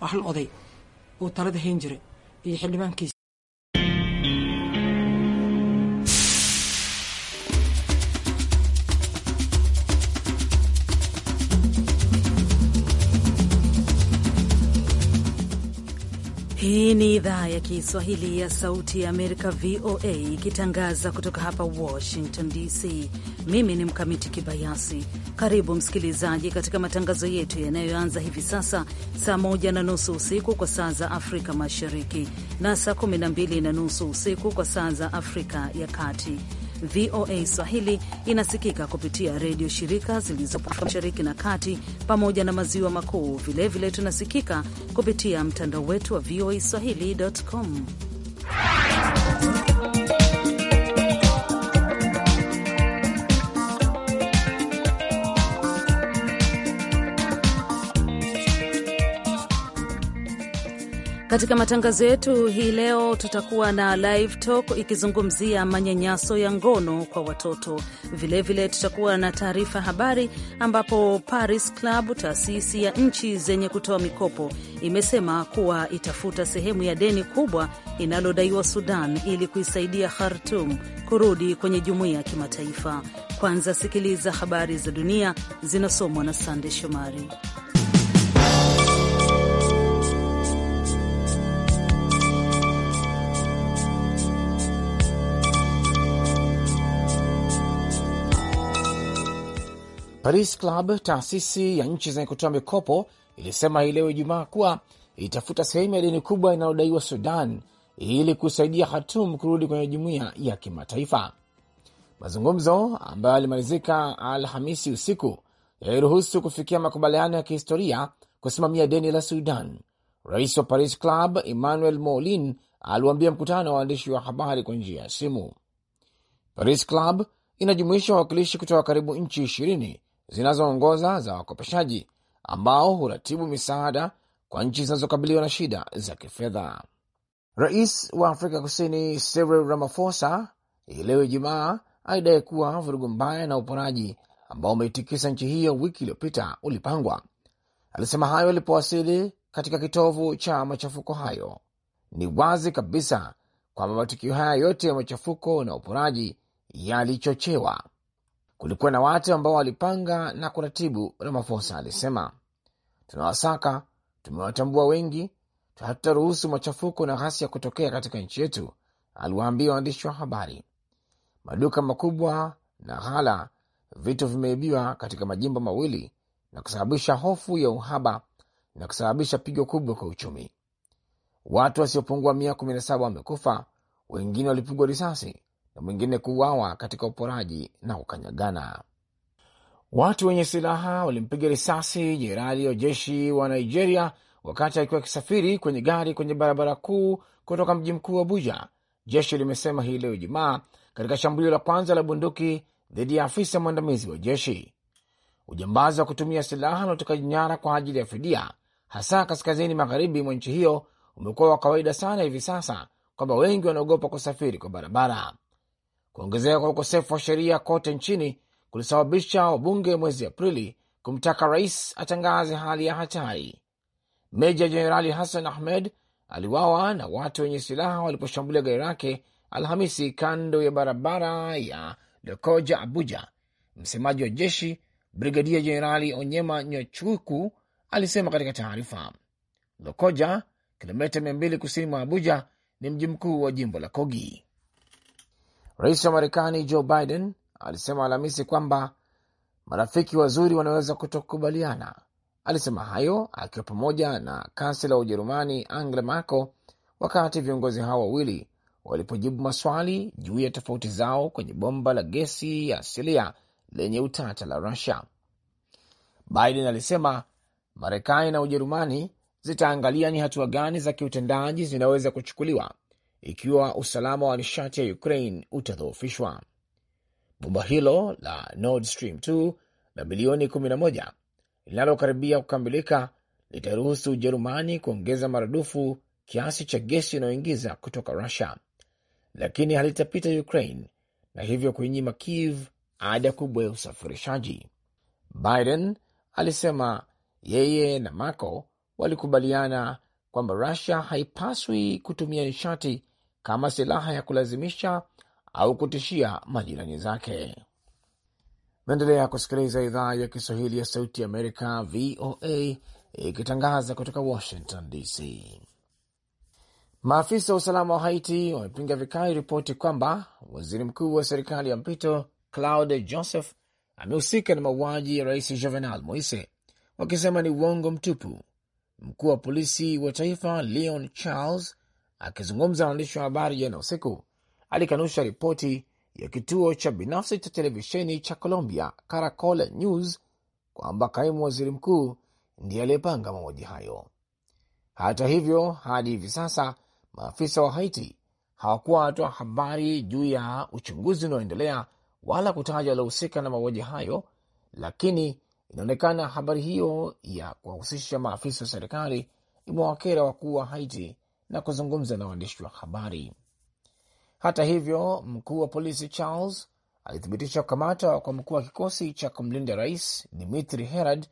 waa hal oday uu talada hayn jiray iyo xildhibaankiisa ni idhaa ya Kiswahili ya Sauti ya Amerika, VOA, ikitangaza kutoka hapa Washington DC. Mimi ni Mkamiti Kibayasi. Karibu msikilizaji, katika matangazo yetu yanayoanza hivi sasa saa moja na nusu usiku kwa saa za Afrika Mashariki na saa kumi na mbili na nusu usiku kwa saa za Afrika ya Kati VOA Swahili inasikika kupitia redio shirika zilizopo mashariki na kati pamoja na maziwa makuu. Vilevile tunasikika kupitia mtandao wetu wa voa swahilicom Katika matangazo yetu hii leo tutakuwa na live talk ikizungumzia manyanyaso ya ngono kwa watoto. Vilevile vile tutakuwa na taarifa habari, ambapo Paris Club, taasisi ya nchi zenye kutoa mikopo, imesema kuwa itafuta sehemu ya deni kubwa inalodaiwa Sudan ili kuisaidia Khartum kurudi kwenye jumuiya ya kimataifa. Kwanza sikiliza habari za dunia zinasomwa na Sande Shomari. Paris Club, taasisi ya nchi zenye kutoa mikopo, ilisema hii leo Ijumaa kuwa itafuta sehemu ya deni kubwa inayodaiwa Sudan ili kusaidia Khartoum kurudi kwenye jumuiya ya kimataifa. Mazungumzo ambayo yalimalizika Alhamisi usiku yaliruhusu kufikia makubaliano ya kihistoria kusimamia deni la Sudan. Rais wa Paris Club Emmanuel Moulin aliwaambia mkutano wa waandishi wa habari kwa njia ya simu. Paris Club inajumuisha wawakilishi kutoka karibu nchi ishirini zinazoongoza za wakopeshaji ambao huratibu misaada kwa nchi zinazokabiliwa na shida za kifedha. Rais wa Afrika Kusini Cyril Ramaphosa hii leo Ijumaa alidai kuwa vurugu mbaya na uporaji ambao umeitikisa nchi hiyo wiki iliyopita ulipangwa. Alisema hayo alipowasili katika kitovu cha machafuko hayo. Ni wazi kabisa kwamba matukio haya yote ya machafuko na uporaji yalichochewa kulikuwa na watu ambao walipanga na kuratibu, ramafosa alisema. Tunawasaka, tumewatambua wengi, hatutaruhusu machafuko na ghasia kutokea katika nchi yetu, aliwaambia waandishi wa habari. Maduka makubwa na ghala, vitu vimeibiwa katika majimbo mawili na kusababisha hofu ya uhaba na kusababisha pigo kubwa kwa uchumi. Watu wasiopungua mia kumi na saba wamekufa, wengine walipigwa risasi na mwingine kuuawa katika uporaji na kukanyagana. Watu wenye silaha walimpiga risasi jenerali wa jeshi wa Nigeria wakati akiwa akisafiri kwenye gari kwenye barabara kuu kutoka mji mkuu Abuja, jeshi limesema hii leo Ijumaa, katika shambulio la kwanza la bunduki dhidi ya afisa mwandamizi wa jeshi. Ujambazi wa kutumia silaha na utekaji nyara kwa ajili ya fidia, hasa kaskazini magharibi mwa nchi hiyo, umekuwa wa kawaida sana hivi sasa kwamba wengi wanaogopa kusafiri kwa barabara. Kuongezeka kwa ukosefu wa sheria kote nchini kulisababisha wabunge mwezi Aprili kumtaka rais atangaze hali ya hatari. Meja Jenerali Hassan Ahmed aliwawa na watu wenye silaha waliposhambulia gari lake Alhamisi kando ya barabara ya Lokoja, Abuja. Msemaji wa jeshi Brigadia Jenerali Onyema Nyachuku alisema katika taarifa. Lokoja, kilomita mia mbili kusini mwa Abuja, ni mji mkuu wa jimbo la Kogi. Rais wa Marekani Joe Biden alisema Alhamisi kwamba marafiki wazuri wanaweza kutokubaliana. Alisema hayo akiwa pamoja na kansela wa Ujerumani Angela Merkel wakati viongozi hao wawili walipojibu maswali juu ya tofauti zao kwenye bomba la gesi ya asilia lenye utata la Rusia. Biden alisema Marekani na Ujerumani zitaangalia ni hatua gani za kiutendaji zinaweza kuchukuliwa ikiwa usalama wa nishati ya Ukraine utadhoofishwa. Bomba hilo la Nord Stream 2 la bilioni 11 linalokaribia kukamilika litaruhusu Ujerumani kuongeza maradufu kiasi cha gesi inayoingiza kutoka Rusia, lakini halitapita Ukraine na hivyo kuinyima Kiev ada kubwa ya usafirishaji. Biden alisema yeye na Marco walikubaliana kwamba Rusia haipaswi kutumia nishati kama silaha ya kulazimisha au kutishia majirani zake. Naendelea kusikiliza idhaa ya Kiswahili ya Sauti Amerika, VOA, ikitangaza kutoka Washington DC. Maafisa wa usalama wa Haiti wamepinga vikali ripoti kwamba waziri mkuu wa serikali ya mpito Claude Joseph amehusika na mauaji ya rais jovenal Moise, wakisema ni uongo mtupu Mkuu wa polisi wa taifa Leon Charles akizungumza na waandishi wa habari jana usiku alikanusha ripoti ya kituo cha binafsi cha televisheni cha Colombia Caracol News kwamba kaimu waziri mkuu ndiye aliyepanga mauaji hayo. Hata hivyo, hadi hivi sasa maafisa wa Haiti hawakuwa wanatoa habari juu ya uchunguzi unaoendelea wala kutaja waliohusika na mauaji hayo, lakini Inaonekana habari hiyo ya kuwahusisha maafisa wa serikali imewakera wakuu wa Haiti na kuzungumza na waandishi wa habari. Hata hivyo, mkuu wa polisi Charles alithibitisha kukamata kwa mkuu wa kikosi cha kumlinda rais Dimitri Herard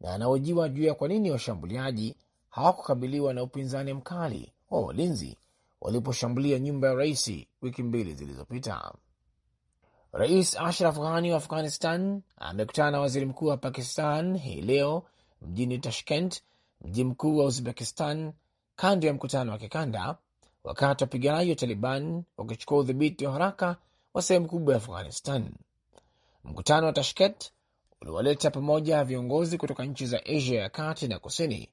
na anaojiwa juu ya kwa nini washambuliaji hawakukabiliwa na upinzani mkali wa walinzi waliposhambulia nyumba ya rais wiki mbili zilizopita. Rais Ashraf Ghani wa Afghanistan amekutana na waziri mkuu wa Pakistan hii leo mjini Tashkent, mji mkuu wa Uzbekistan, kando ya mkutano wa kikanda, wakati wapiganaji wa Taliban wakichukua udhibiti wa haraka wa sehemu kubwa ya Afghanistan. Mkutano wa Tashkent uliwaleta pamoja viongozi kutoka nchi za Asia ya kati na kusini,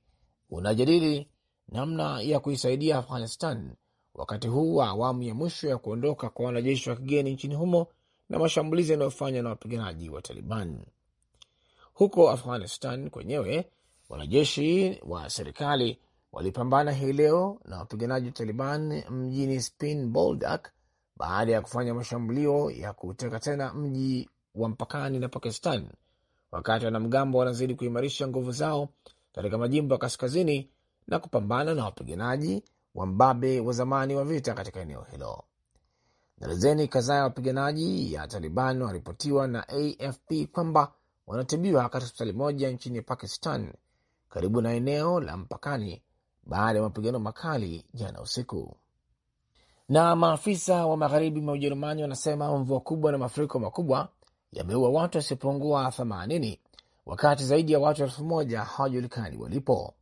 unajadili namna ya kuisaidia Afghanistan wakati huu wa awamu ya mwisho ya kuondoka kwa wanajeshi wa kigeni nchini humo na mashambulizi yanayofanywa na wapiganaji wa Taliban huko Afghanistan kwenyewe. Wanajeshi wa serikali walipambana hii leo na wapiganaji wa Taliban mjini Spin Boldak baada ya kufanya mashambulio ya kuteka tena mji wa mpakani na Pakistan, wakati wanamgambo wanazidi kuimarisha nguvu zao katika majimbo ya kaskazini na kupambana na wapiganaji wa mbabe wa zamani wa vita katika eneo hilo. Darazeni kadhaa ya wapiganaji ya Taliban waripotiwa na AFP kwamba wanatibiwa katika hospitali moja nchini Pakistan karibu na eneo la mpakani baada ya mapigano makali jana usiku. Na maafisa wa magharibi mwa Ujerumani wanasema mvua kubwa na mafuriko makubwa yameua watu wasiopungua 80 wakati zaidi ya watu elfu moja hawajulikani walipo.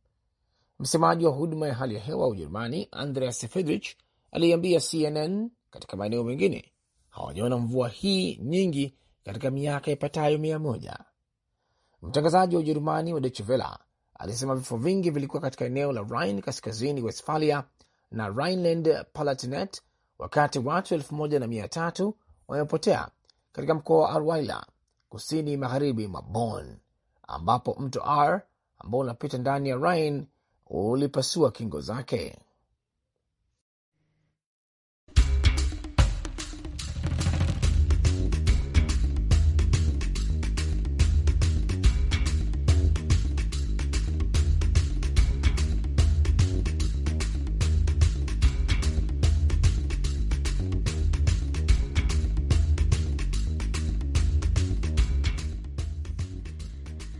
Msemaji wa huduma ya hali ya hewa Ujerumani Andreas Friedrich aliambia CNN katika maeneo mengine hawajaona mvua hii nyingi katika miaka ipatayo mia moja. Mtangazaji wa Ujerumani wa Deutsche Welle alisema vifo vingi vilikuwa katika eneo la Rhine kaskazini Westfalia na Rhineland Palatinate, wakati watu elfu moja na mia tatu wamepotea katika mkoa wa Arwaila kusini magharibi mwa Bonn, ambapo mto R ambao unapita ndani ya Rhine ulipasua kingo zake.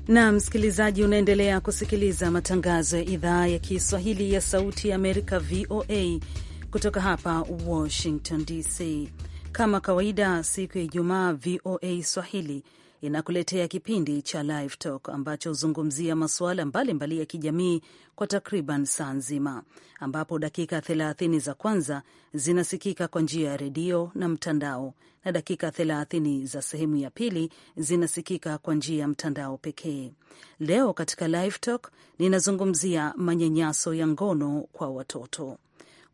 na msikilizaji, unaendelea kusikiliza matangazo ya idhaa ya Kiswahili ya Sauti ya Amerika, VOA, kutoka hapa Washington DC. Kama kawaida, siku ya Ijumaa, VOA Swahili inakuletea kipindi cha Live Talk ambacho huzungumzia masuala mbalimbali ya kijamii kwa takriban saa nzima, ambapo dakika 30 za kwanza zinasikika kwa njia ya redio na mtandao na dakika 30 za sehemu ya pili zinasikika kwa njia ya mtandao pekee. Leo katika Live Talk ninazungumzia manyanyaso ya ngono kwa watoto.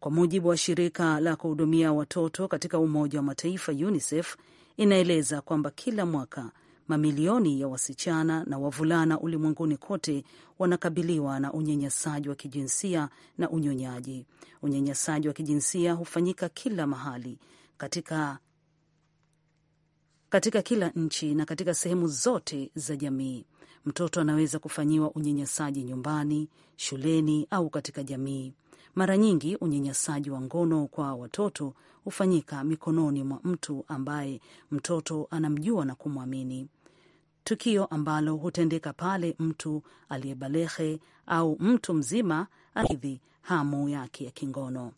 Kwa mujibu wa shirika la kuhudumia watoto katika Umoja wa Mataifa UNICEF inaeleza kwamba kila mwaka mamilioni ya wasichana na wavulana ulimwenguni kote wanakabiliwa na unyanyasaji wa kijinsia na unyonyaji. Unyanyasaji wa kijinsia hufanyika kila mahali katika katika kila nchi na katika sehemu zote za jamii. Mtoto anaweza kufanyiwa unyanyasaji nyumbani, shuleni au katika jamii. Mara nyingi unyanyasaji wa ngono kwa watoto hufanyika mikononi mwa mtu ambaye mtoto anamjua na kumwamini, tukio ambalo hutendeka pale mtu aliyebalehe au mtu mzima aridhi hamu yake ya kingono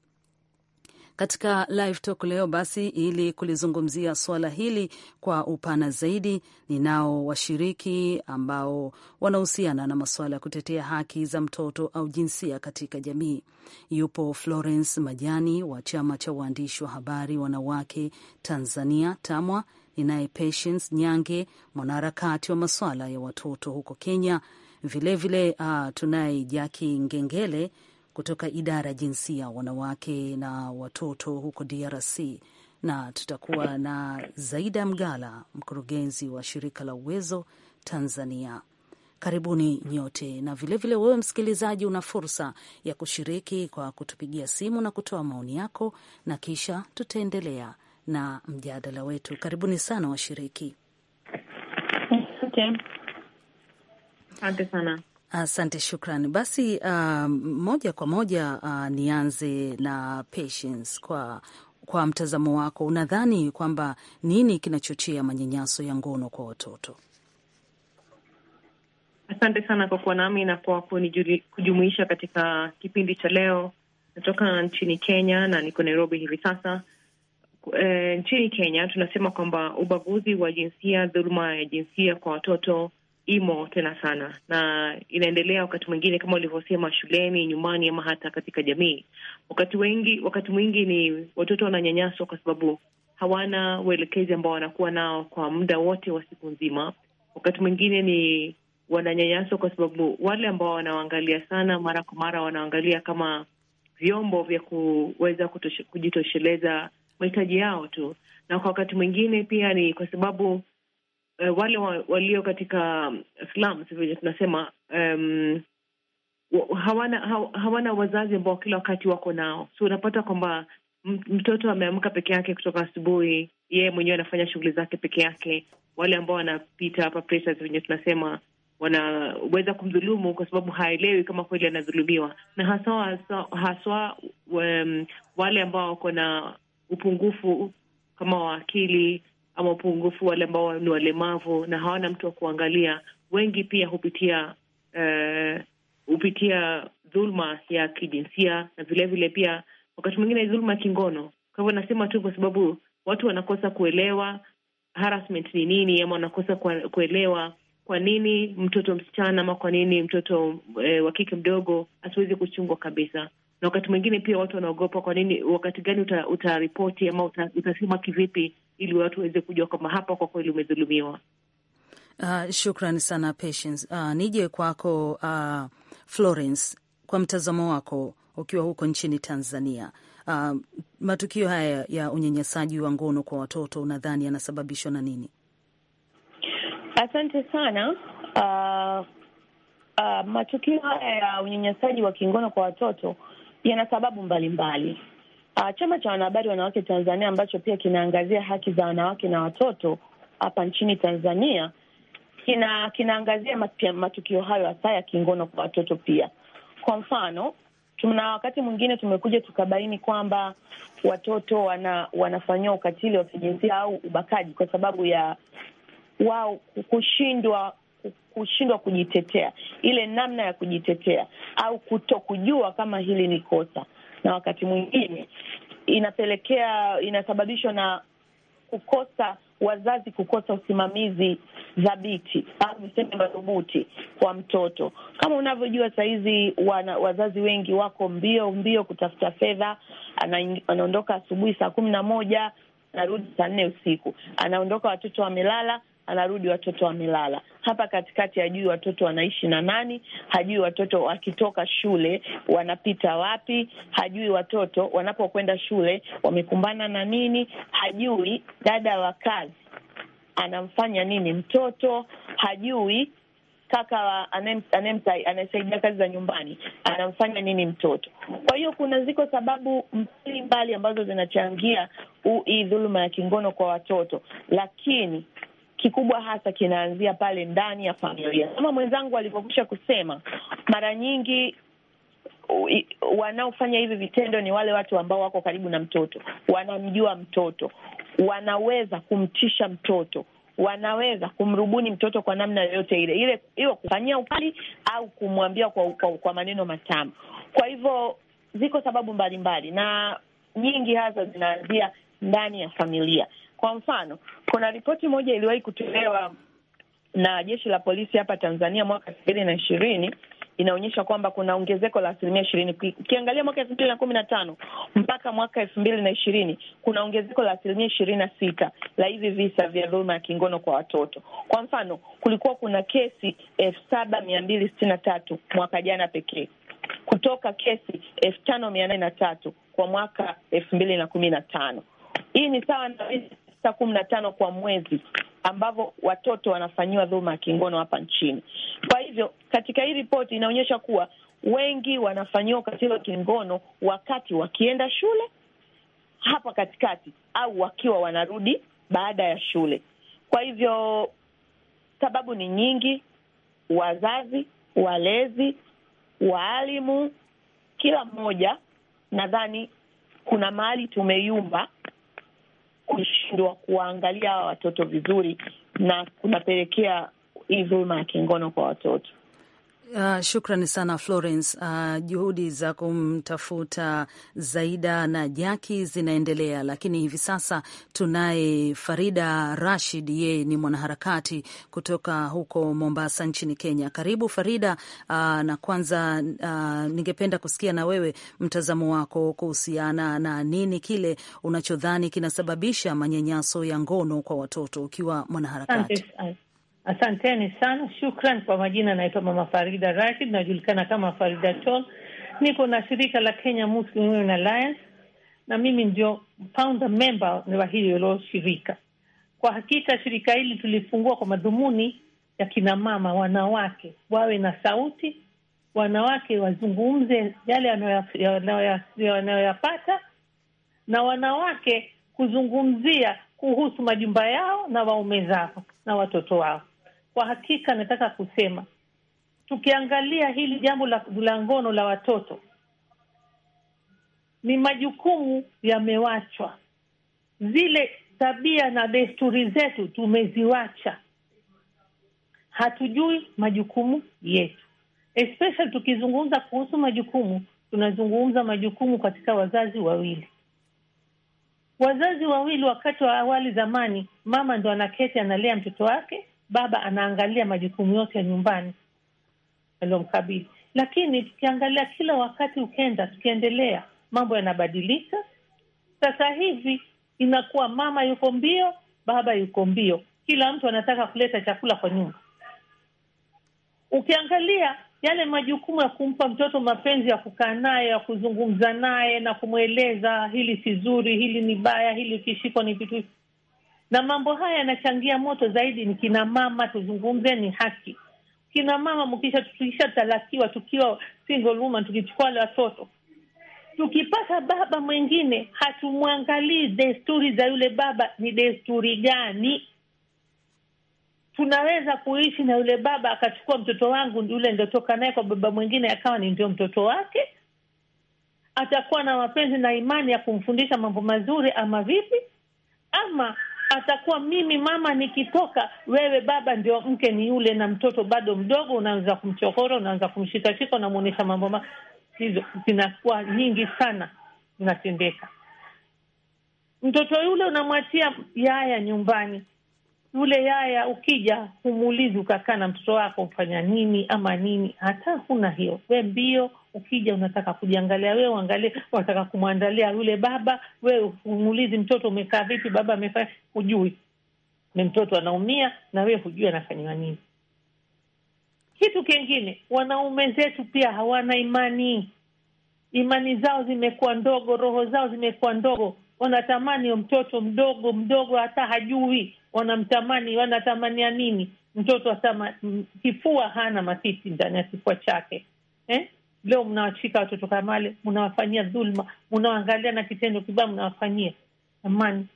katika live talk leo. Basi, ili kulizungumzia suala hili kwa upana zaidi, ninao washiriki ambao wanahusiana na masuala ya kutetea haki za mtoto au jinsia katika jamii. Yupo Florence Majani wa chama cha waandishi wa habari wanawake Tanzania TAMWA. Ninaye Patience Nyange, mwanaharakati wa masuala ya watoto huko Kenya. Vilevile vile, uh, tunaye Jaki Ngengele kutoka idara ya jinsia, wanawake na watoto huko DRC, na tutakuwa na Zaida Mgala, mkurugenzi wa shirika la Uwezo Tanzania. Karibuni nyote, na vilevile wewe msikilizaji, una fursa ya kushiriki kwa kutupigia simu na kutoa maoni yako, na kisha tutaendelea na mjadala wetu. Karibuni sana washiriki. Asante okay. sana. Asante, shukran Basi uh, moja kwa moja uh, nianze na Patience kwa kwa mtazamo wako, unadhani kwamba nini kinachochea manyanyaso ya ngono kwa watoto? Asante sana kwa kuwa nami na kwa kujumuisha katika kipindi cha leo. Natoka nchini Kenya na niko Nairobi hivi sasa. E, nchini Kenya tunasema kwamba ubaguzi wa jinsia, dhuluma ya jinsia kwa watoto imo tena sana na inaendelea wakati mwingine kama ulivyosema, shuleni, nyumbani, ama hata katika jamii. Wakati wengi, wakati mwingi ni watoto wananyanyaswa kwa sababu hawana uelekezi ambao wanakuwa nao kwa muda wote wa siku nzima. Wakati mwingine ni wananyanyaswa kwa sababu wale ambao wanawaangalia sana, mara kwa mara, wanaangalia kama vyombo vya kuweza kujitosheleza mahitaji yao tu, na kwa wakati mwingine pia ni kwa sababu uh, wale wa, walio katika um, slums vile tunasema um, hawana haw, hawana wazazi ambao kila wakati wako nao, so unapata kwamba mtoto ameamka peke yake kutoka asubuhi, yeye mwenyewe anafanya shughuli zake peke yake. Wale ambao wanapita hapa pressures wenye tunasema wanaweza kumdhulumu kwa sababu haelewi kama kweli anadhulumiwa, na haswa haswa, haswa um, wale ambao wako na upungufu kama wa akili ama upungufu, wale ambao ni walemavu na hawana mtu wa kuangalia, wengi pia hupitia uh, hupitia dhuluma ya kijinsia na vilevile pia wakati mwingine dhuluma ya kingono. Kwa hivyo nasema tu kwa sababu watu wanakosa kuelewa harassment ni nini, ama wanakosa kuelewa kwa nini mtoto msichana ama kwa nini mtoto e, wa kike mdogo asiwezi kuchungwa kabisa. Na wakati mwingine pia watu wanaogopa, kwa nini, wakati gani utaripoti uta ama utasema uta kivipi ili watu waweze kujua kwamba hapa kwa kweli umedhulumiwa. Uh, ah, shukran sana Patience. Uh, nije kwako uh, Florence, kwa mtazamo wako ukiwa huko nchini Tanzania, uh, matukio haya ya unyanyasaji wa ngono kwa watoto unadhani yanasababishwa na nini? Asante sana. Uh, uh, matukio haya ya unyanyasaji wa kingono kwa watoto yana sababu mbalimbali mbali. Uh, chama cha wanahabari wanawake Tanzania ambacho pia kinaangazia haki za wanawake na watoto hapa nchini Tanzania kina- kinaangazia matukio hayo hasa ya kingono kwa watoto pia. Kwa mfano, tuna wakati mwingine tumekuja tukabaini kwamba watoto wana, wanafanyiwa ukatili wa kijinsia au ubakaji kwa sababu ya wao kushindwa kushindwa kujitetea, ile namna ya kujitetea au kuto kujua kama hili ni kosa na wakati mwingine inapelekea inasababishwa na kukosa wazazi kukosa usimamizi dhabiti au niseme madhubuti kwa mtoto. Kama unavyojua sahizi, wazazi wengi wako mbio mbio kutafuta fedha. Anaondoka asubuhi saa kumi na moja anarudi saa nne usiku, anaondoka watoto wamelala, anarudi watoto wamelala. Hapa katikati hajui watoto wanaishi na nani, hajui watoto wakitoka shule wanapita wapi, hajui watoto wanapokwenda shule wamekumbana na nini, hajui dada wa kazi anamfanya nini mtoto, hajui kaka anayesaidia kazi za nyumbani anamfanya nini mtoto. Kwa hiyo kuna ziko sababu mbalimbali ambazo zinachangia hii dhuluma ya kingono kwa watoto, lakini kikubwa hasa kinaanzia pale ndani ya familia. Kama mwenzangu alivyokwisha kusema, mara nyingi wanaofanya hivi vitendo ni wale watu ambao wako karibu na mtoto, wanamjua mtoto, wanaweza kumtisha mtoto, wanaweza kumrubuni mtoto kwa namna yoyote ile ile, hiyo kufanyia ukali au kumwambia kwa, kwa, kwa maneno matamu. Kwa hivyo ziko sababu mbalimbali mbali, na nyingi hasa zinaanzia ndani ya familia. Kwa mfano kuna ripoti moja iliwahi kutolewa na jeshi la polisi hapa Tanzania mwaka elfu mbili na ishirini inaonyesha kwamba kuna ongezeko la asilimia ishirini. Ukiangalia mwaka elfu mbili na kumi na tano mpaka mwaka elfu mbili na ishirini kuna ongezeko la asilimia ishirini na sita la hivi visa vya dhuluma ya kingono kwa watoto. Kwa mfano, kulikuwa kuna kesi elfu saba mia mbili sitini na tatu mwaka jana pekee kutoka kesi elfu tano mia nane na tatu kwa mwaka elfu mbili na kumi na tano. Hii ni sawa na saa kumi na tano kwa mwezi ambavyo watoto wanafanyiwa dhuluma ya kingono hapa nchini. Kwa hivyo katika hii ripoti inaonyesha kuwa wengi wanafanyiwa ukatili wa kingono wakati wakienda shule hapa katikati, au wakiwa wanarudi baada ya shule. Kwa hivyo sababu ni nyingi: wazazi, walezi, waalimu, kila mmoja. Nadhani kuna mahali tumeyumba kushindwa kuwaangalia hawa watoto vizuri, na kunapelekea hii dhuluma ya kingono kwa watoto. Uh, shukrani sana Florence. Uh, juhudi za kumtafuta Zaida na Jaki zinaendelea, lakini hivi sasa tunaye Farida Rashid, yeye ni mwanaharakati kutoka huko Mombasa nchini Kenya. Karibu Farida. Uh, na kwanza uh, ningependa kusikia na wewe mtazamo wako kuhusiana na nini kile unachodhani kinasababisha manyanyaso ya ngono kwa watoto ukiwa mwanaharakati. Asante. Asanteni sana, shukran. Kwa majina anaitwa Mama Farida Rashid, najulikana kama Farida Chol. Niko na shirika la Kenya Muslim Women Alliance na mimi ndio founder member wa hilo shirika. Kwa hakika shirika hili tulifungua kwa madhumuni ya kinamama, wanawake wawe na sauti, wanawake wazungumze yale wanayoyapata, na wanawake kuzungumzia kuhusu majumba yao na waume zao na watoto wao. Kwa hakika nataka kusema tukiangalia hili jambo la, la ngono la watoto ni majukumu yamewachwa, zile tabia na desturi zetu tumeziwacha, hatujui majukumu yetu. Especially tukizungumza kuhusu majukumu, tunazungumza majukumu katika wazazi wawili, wazazi wawili. Wakati wa awali zamani, mama ndo anaketi analea mtoto wake, baba anaangalia majukumu yote ya nyumbani aliyomkabidhi. Lakini tukiangalia kila wakati ukenda, tukiendelea, mambo yanabadilika. Sasa hivi inakuwa mama yuko mbio, baba yuko mbio, kila mtu anataka kuleta chakula kwa nyumba. Ukiangalia yale majukumu ya kumpa mtoto mapenzi ya kukaa naye, ya kuzungumza naye na kumweleza hili si zuri, hili ni baya, hili ukishikwa ni vitu na mambo haya yanachangia moto zaidi ni kina mama. ni haki kina mama, tukishatalakiwa, tukiwa single woman, tukichukua wale watoto, tukipata baba mwingine, hatumwangalii desturi za yule baba ni desturi gani. Tunaweza kuishi na yule baba akachukua mtoto wangu yule ndotoka naye kwa baba mwingine, akawa ni ndio mtoto wake, atakuwa na mapenzi na imani ya kumfundisha mambo mazuri, ama vipi? Ama atakuwa mimi mama nikitoka, wewe baba ndio mke ni yule, na mtoto bado mdogo, unaanza kumchokora, unaanza kumshikashika, unamwonyesha mambo ma hizo, zinakuwa nyingi sana zinatendeka. Mtoto yule unamwachia yaya nyumbani, yule yaya ukija humuulizi ukakaa na mtoto wako ufanya nini ama nini, hata huna hiyo we mbio ukija unataka kujiangalia wewe, uangalie, unataka kumwandalia yule baba, wewe umuulizi mtoto umekaa vipi, baba amefanya, hujui ni mtoto anaumia, na wewe hujui anafanyiwa nini. Kitu kingine, wanaume zetu pia hawana imani, imani zao zimekuwa ndogo, roho zao zimekuwa ndogo, wanatamani mtoto mdogo mdogo, hata hajui wanamtamani, wanatamania nini mtoto, hata kifua hana matiti ndani ya kifua chake eh? Leo mnawashika watoto kama wale, mnawafanyia dhulma, mnawaangalia na kitendo kibaya mnawafanyia. Amani,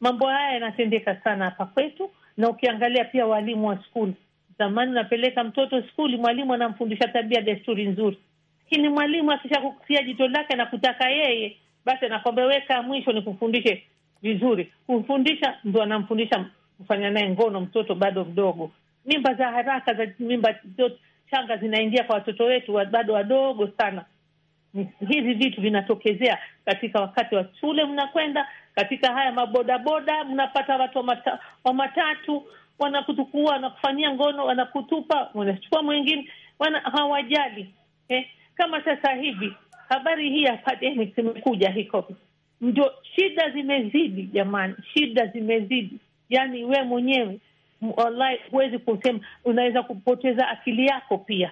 mambo haya yanatendeka sana hapa kwetu, na ukiangalia pia walimu wa skuli zamani, unapeleka mtoto skuli, mwalimu anamfundisha tabia, desturi nzuri, lakini mwalimu akishakukusia jito lake na kutaka yeye, basi anakwambia weka mwisho ni kufundishe vizuri. Kumfundisha ndo anamfundisha kufanya naye ngono, mtoto bado mdogo, mimba za haraka za mimba zote changa zinaingia kwa watoto wetu bado wadogo sana. hivi vitu vinatokezea katika wakati wa shule, mnakwenda katika haya mabodaboda, mnapata watu wa, wa matatu wanakutukua, wanakufanyia ngono, wanakutupa, wanachukua mwingine, wana hawajali eh? Kama sasa hivi habari hii ya pandemic imekuja hiko, ndio shida zimezidi jamani, shida zimezidi, yani we mwenyewe online, huwezi kusema, unaweza kupoteza akili yako pia,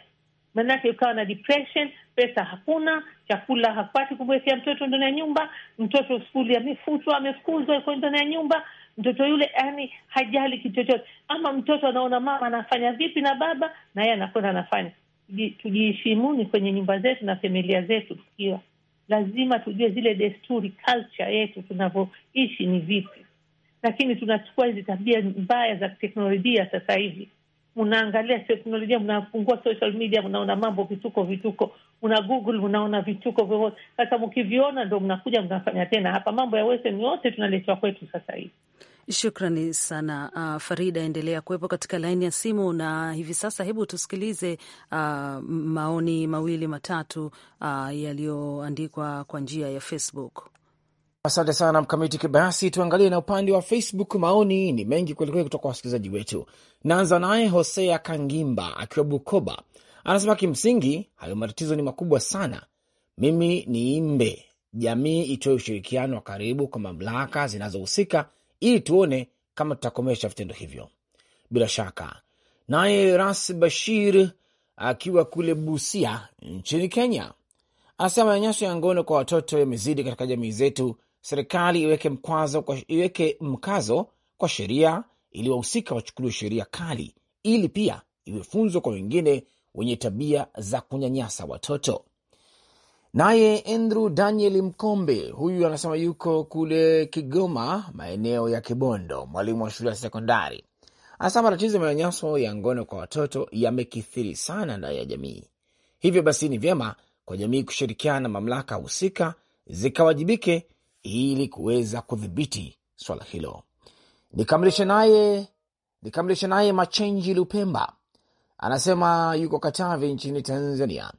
maanake ukawa na depression. Pesa hakuna, chakula hapati kumwekea mtoto ndani ya nyumba, mtoto skuli amefutwa, amefukuzwa, iko ndani ya nyumba, mtoto yule yani hajali kitu chochote, ama mtoto anaona mama anafanya vipi na baba, na yeye anakwenda anafanya. Tujiheshimuni kwenye nyumba zetu na familia zetu, tukiwa lazima tujue zile desturi, culture yetu tunavyoishi ni vipi lakini tunachukua hizi tabia mbaya za teknolojia sasa hivi Unaangalia teknolojia, mnafungua social media, mnaona mambo vituko vituko, una Google mnaona vituko vyovyote. Sasa mkiviona ndo mnakuja mnafanya tena hapa. Mambo ya Western yote tunaletwa kwetu sasa hivi. Shukrani sana uh, Farida, endelea kuwepo katika laini ya simu. Na hivi sasa, hebu tusikilize uh, maoni mawili matatu uh, yaliyoandikwa kwa njia ya Facebook. Asante sana Mkamiti Kibayasi. Tuangalie na upande wa Facebook, maoni ni mengi kwelikweli kutoka kwa wasikilizaji wetu. Naanza naye Hosea Kangimba akiwa Bukoba, anasema kimsingi hayo matatizo ni makubwa sana. Mimi niimbe jamii itoe ushirikiano wa karibu kwa mamlaka zinazohusika ili tuone kama tutakomesha vitendo hivyo. Bila shaka naye Ras Bashir akiwa kule Busia nchini Kenya anasema manyanyaso ya ngono kwa watoto yamezidi katika jamii zetu serikali iweke mkazo kwa, iweke mkazo kwa sheria ili wahusika wachukuliwe sheria kali, ili pia iwe funzo kwa wengine wenye tabia za kunyanyasa watoto. Naye Andrew Daniel Mkombe huyu anasema yuko kule Kigoma, maeneo ya Kibondo, mwalimu wa shule ya sekondari. Anasema matatizo ya manyanyaso ya ngono kwa watoto yamekithiri sana ndani ya jamii, hivyo basi ni vyema kwa jamii kushirikiana na mamlaka husika zikawajibike ili kuweza kudhibiti swala hilo. Nikamilishe naye Machenji Lupemba, anasema yuko Katavi nchini Tanzania.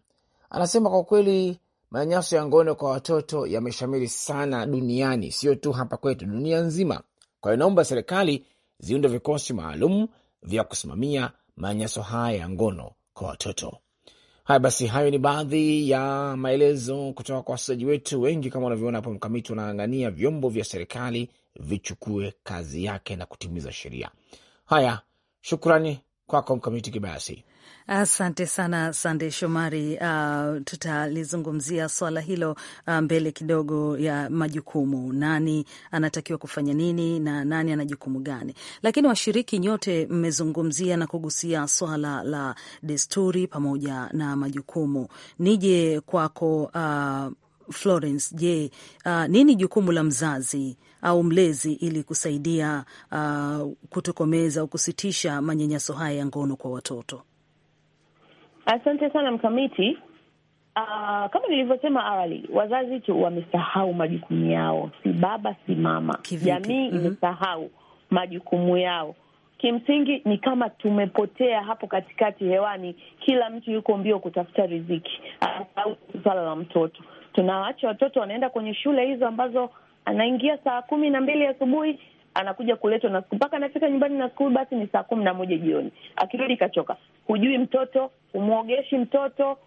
Anasema kwa kweli manyanyaso ya ngono kwa watoto yameshamiri sana duniani, sio tu hapa kwetu, dunia nzima. Kwa hiyo naomba serikali ziunde vikosi maalum vya kusimamia manyanyaso haya ya ngono kwa watoto. Haya basi, hayo ni baadhi ya maelezo kutoka kwa wasikilizaji wetu wengi. Kama unavyoona hapo, mkamiti wanaang'ania vyombo vya serikali vichukue kazi yake na kutimiza sheria. Haya, shukrani kwako mkamiti Kibayasi. Asante sana Sande Shomari. Uh, tutalizungumzia swala hilo ah, mbele kidogo ya majukumu, nani anatakiwa kufanya nini na nani ana jukumu gani. Lakini washiriki nyote mmezungumzia na kugusia swala la desturi pamoja na majukumu. Nije kwako uh, Florence, je, uh, nini jukumu la mzazi au mlezi ili kusaidia uh, kutokomeza au kusitisha manyanyaso haya ya ngono kwa watoto? Asante sana Mkamiti. Uh, kama nilivyosema awali, wazazi tu wamesahau majukumu yao, si baba si mama. Jamii mhm. imesahau mm -hmm. majukumu yao. Kimsingi ni kama tumepotea hapo katikati hewani, kila mtu yuko mbio kutafuta riziki, anasahau swala la mtoto. Tunawaacha watoto wanaenda kwenye shule hizo ambazo anaingia saa kumi na mbili asubuhi, anakuja kuletwa na skul, mpaka anafika nyumbani na skul basi ni saa kumi na moja jioni. Akirudi kachoka, hujui mtoto, humwogeshi mtoto,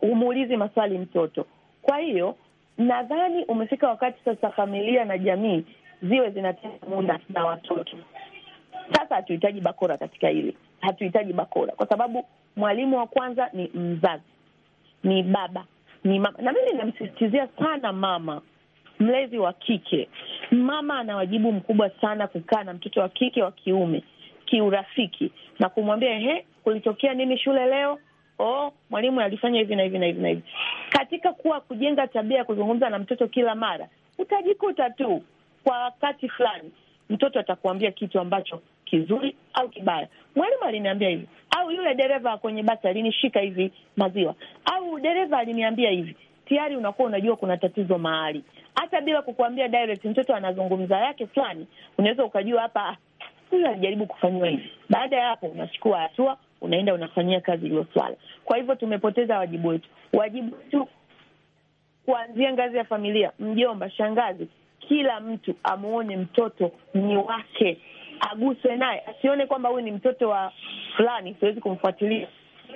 humuulizi maswali mtoto. Kwa hiyo nadhani umefika wakati sasa familia na jamii ziwe zinatenga muda na watoto. Sasa hatuhitaji bakora katika hili, hatuhitaji bakora kwa sababu mwalimu wa kwanza ni mzazi, ni baba, ni mama, na mimi namsisitizia sana mama mlezi wa kike, mama ana wajibu mkubwa sana kukaa na mtoto wa kike wa kiume kiurafiki na kumwambia ehe, kulitokea nini shule leo? Oh, mwalimu alifanya hivi na hivi na hivi na hivi. Katika kuwa kujenga tabia ya kuzungumza na mtoto kila mara, utajikuta tu kwa wakati fulani mtoto atakuambia kitu ambacho kizuri au kibaya. Mwalimu aliniambia hivi, au yule dereva kwenye basi alinishika hivi maziwa, au dereva aliniambia hivi. Tayari unakuwa unajua kuna tatizo mahali hata bila kukuambia direct, mtoto anazungumza yake fulani, unaweza ukajua hapa huyu alijaribu kufanyiwa hivi. Baada ya hapo, unachukua hatua, unaenda unafanyia kazi hilo swala. Kwa hivyo tumepoteza wajibu wetu, wajibu wetu kuanzia ngazi ya familia, mjomba, shangazi, kila mtu amuone mtoto ni wake, aguswe naye, asione kwamba huyu ni mtoto wa fulani, siwezi kumfuatilia,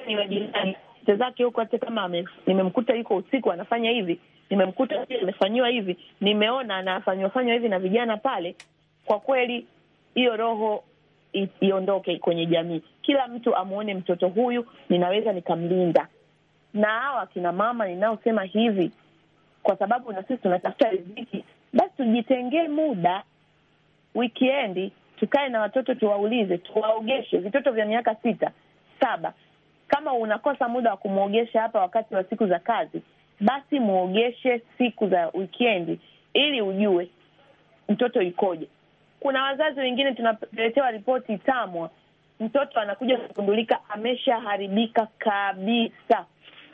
ni wajirani zake huko. Hata kama nimemkuta yuko usiku anafanya hivi, nimemkuta amefanyiwa hivi, nimeona anafanywa fanywa hivi na vijana pale. Kwa kweli hiyo roho iondoke kwenye jamii, kila mtu amwone mtoto huyu ninaweza nikamlinda. Na hawa kina mama ninaosema hivi, kwa sababu na sisi tunatafuta riziki, basi tujitengee muda wikiendi, tukae na watoto, tuwaulize, tuwaogeshe. Vitoto vya miaka sita saba, kama unakosa muda wa kumwogesha hapa wakati wa siku za kazi basi mwogeshe siku za wikendi ili ujue mtoto ikoje Kuna wazazi wengine tunaletewa ripoti TAMWA, mtoto anakuja kugundulika ameshaharibika kabisa,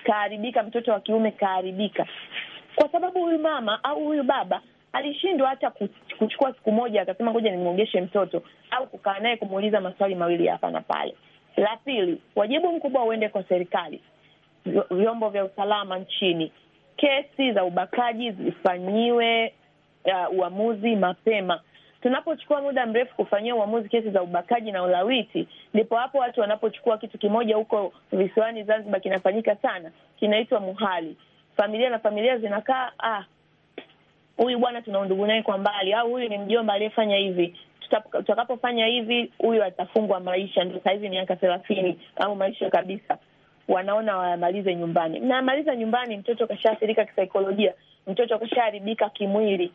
kaharibika. Mtoto wa kiume kaharibika, kwa sababu huyu mama au huyu baba alishindwa hata kuchukua siku moja akasema ngoja nimwogeshe mtoto, au kukaa naye kumuuliza maswali mawili hapa na pale. La pili, wajibu mkubwa uende kwa serikali vyombo vya usalama nchini, kesi za ubakaji zifanyiwe uh, uamuzi mapema. Tunapochukua muda mrefu kufanyia uamuzi kesi za ubakaji na ulawiti, ndipo hapo watu wanapochukua kitu kimoja. Huko visiwani Zanzibar kinafanyika sana, kinaitwa muhali. Familia na familia zinakaa, ah, huyu bwana tuna undugu naye kwa mbali, au huyu ni mjomba aliyefanya hivi tutakapofanya hivi huyu atafungwa maisha, ndo sahizi miaka thelathini au maisha kabisa wanaona wayamalize nyumbani. Mnayamaliza nyumbani, mtoto kashaathirika kisaikolojia, mtoto kashaharibika kimwili,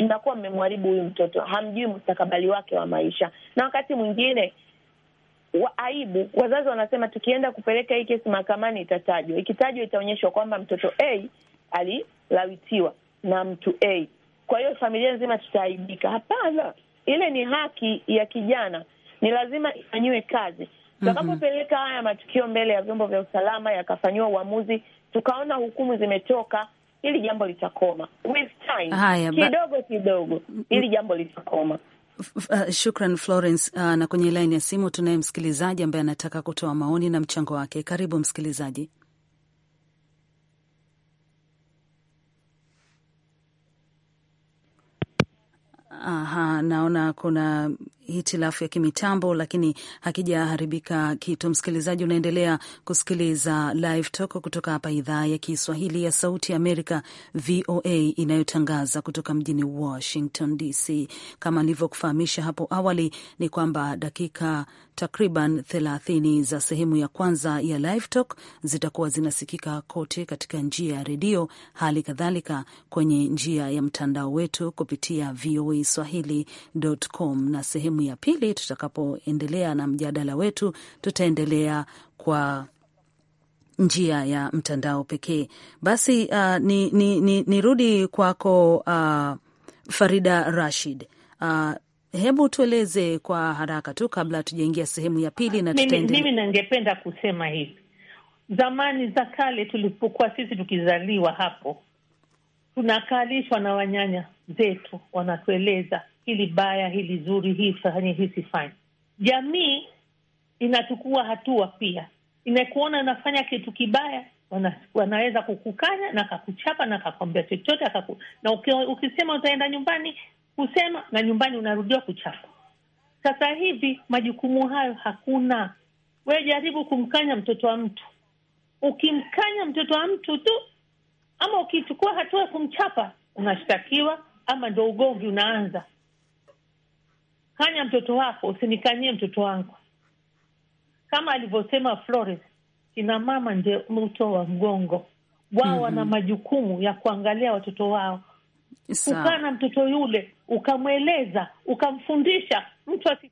mnakuwa mmemharibu huyu mtoto, hamjui mustakabali wake wa maisha. Na wakati mwingine wa aibu, wazazi wanasema tukienda kupeleka hii kesi mahakamani itatajwa, ikitajwa itaonyeshwa kwamba mtoto A alilawitiwa na mtu A, kwa hiyo familia nzima tutaaibika. Hapana, ile ni haki ya kijana, ni lazima ifanyiwe kazi. Tutakapopeleka mm -hmm. haya matukio mbele ya vyombo vya usalama yakafanyiwa uamuzi, tukaona hukumu zimetoka, hili jambo litakoma with time. Haya, kidogo kidogo hili jambo litakoma. Uh, shukran Florence. Uh, na kwenye laini ya simu tunaye msikilizaji ambaye anataka kutoa maoni na mchango wake. Karibu msikilizaji. Aha, naona kuna hitilafu ya kimitambo, lakini hakijaharibika kitu. Msikilizaji, unaendelea kusikiliza Live Talk kutoka hapa idhaa ya Kiswahili ya Sauti ya Amerika, VOA, inayotangaza kutoka mjini Washington DC. Kama nilivyokufahamisha hapo awali, ni kwamba dakika takriban thelathini za sehemu ya kwanza ya Live Talk zitakuwa zinasikika kote katika njia ya redio, hali kadhalika kwenye njia ya mtandao wetu kupitia swahili.com na sehemu sehemu ya pili, tutakapoendelea na mjadala wetu, tutaendelea kwa njia ya mtandao pekee. Basi uh, ni, ni, ni, nirudi kwako uh, Farida Rashid uh, hebu tueleze kwa haraka tu kabla tujaingia sehemu ya pili. Na mimi ningependa kusema hivi, zamani za kale tulipokuwa sisi tukizaliwa hapo tunakalishwa na wanyanya zetu, wanatueleza hili baya, hili zuri, hii fanye, hii sifanye. Jamii inachukua hatua pia, inakuona unafanya kitu kibaya, wana, wanaweza kukukanya na kakuchapa na kakwambia chochote akaku, na ukisema utaenda nyumbani kusema na nyumbani unarudiwa kuchapa. Sasa hivi majukumu hayo hakuna. We jaribu kumkanya mtoto wa mtu, ukimkanya mtoto wa mtu tu ama ukichukua hatua ya kumchapa unashtakiwa, ama ndo ugomvi unaanza kanya mtoto wako, usinikanyie mtoto wangu. Kama alivyosema Flores, kina mama ndio mto wa mgongo wao, mm -hmm. wana mhm. majukumu ya kuangalia watoto wao. Kukaa na mtoto yule, ukamweleza, ukamfundisha, mtu aki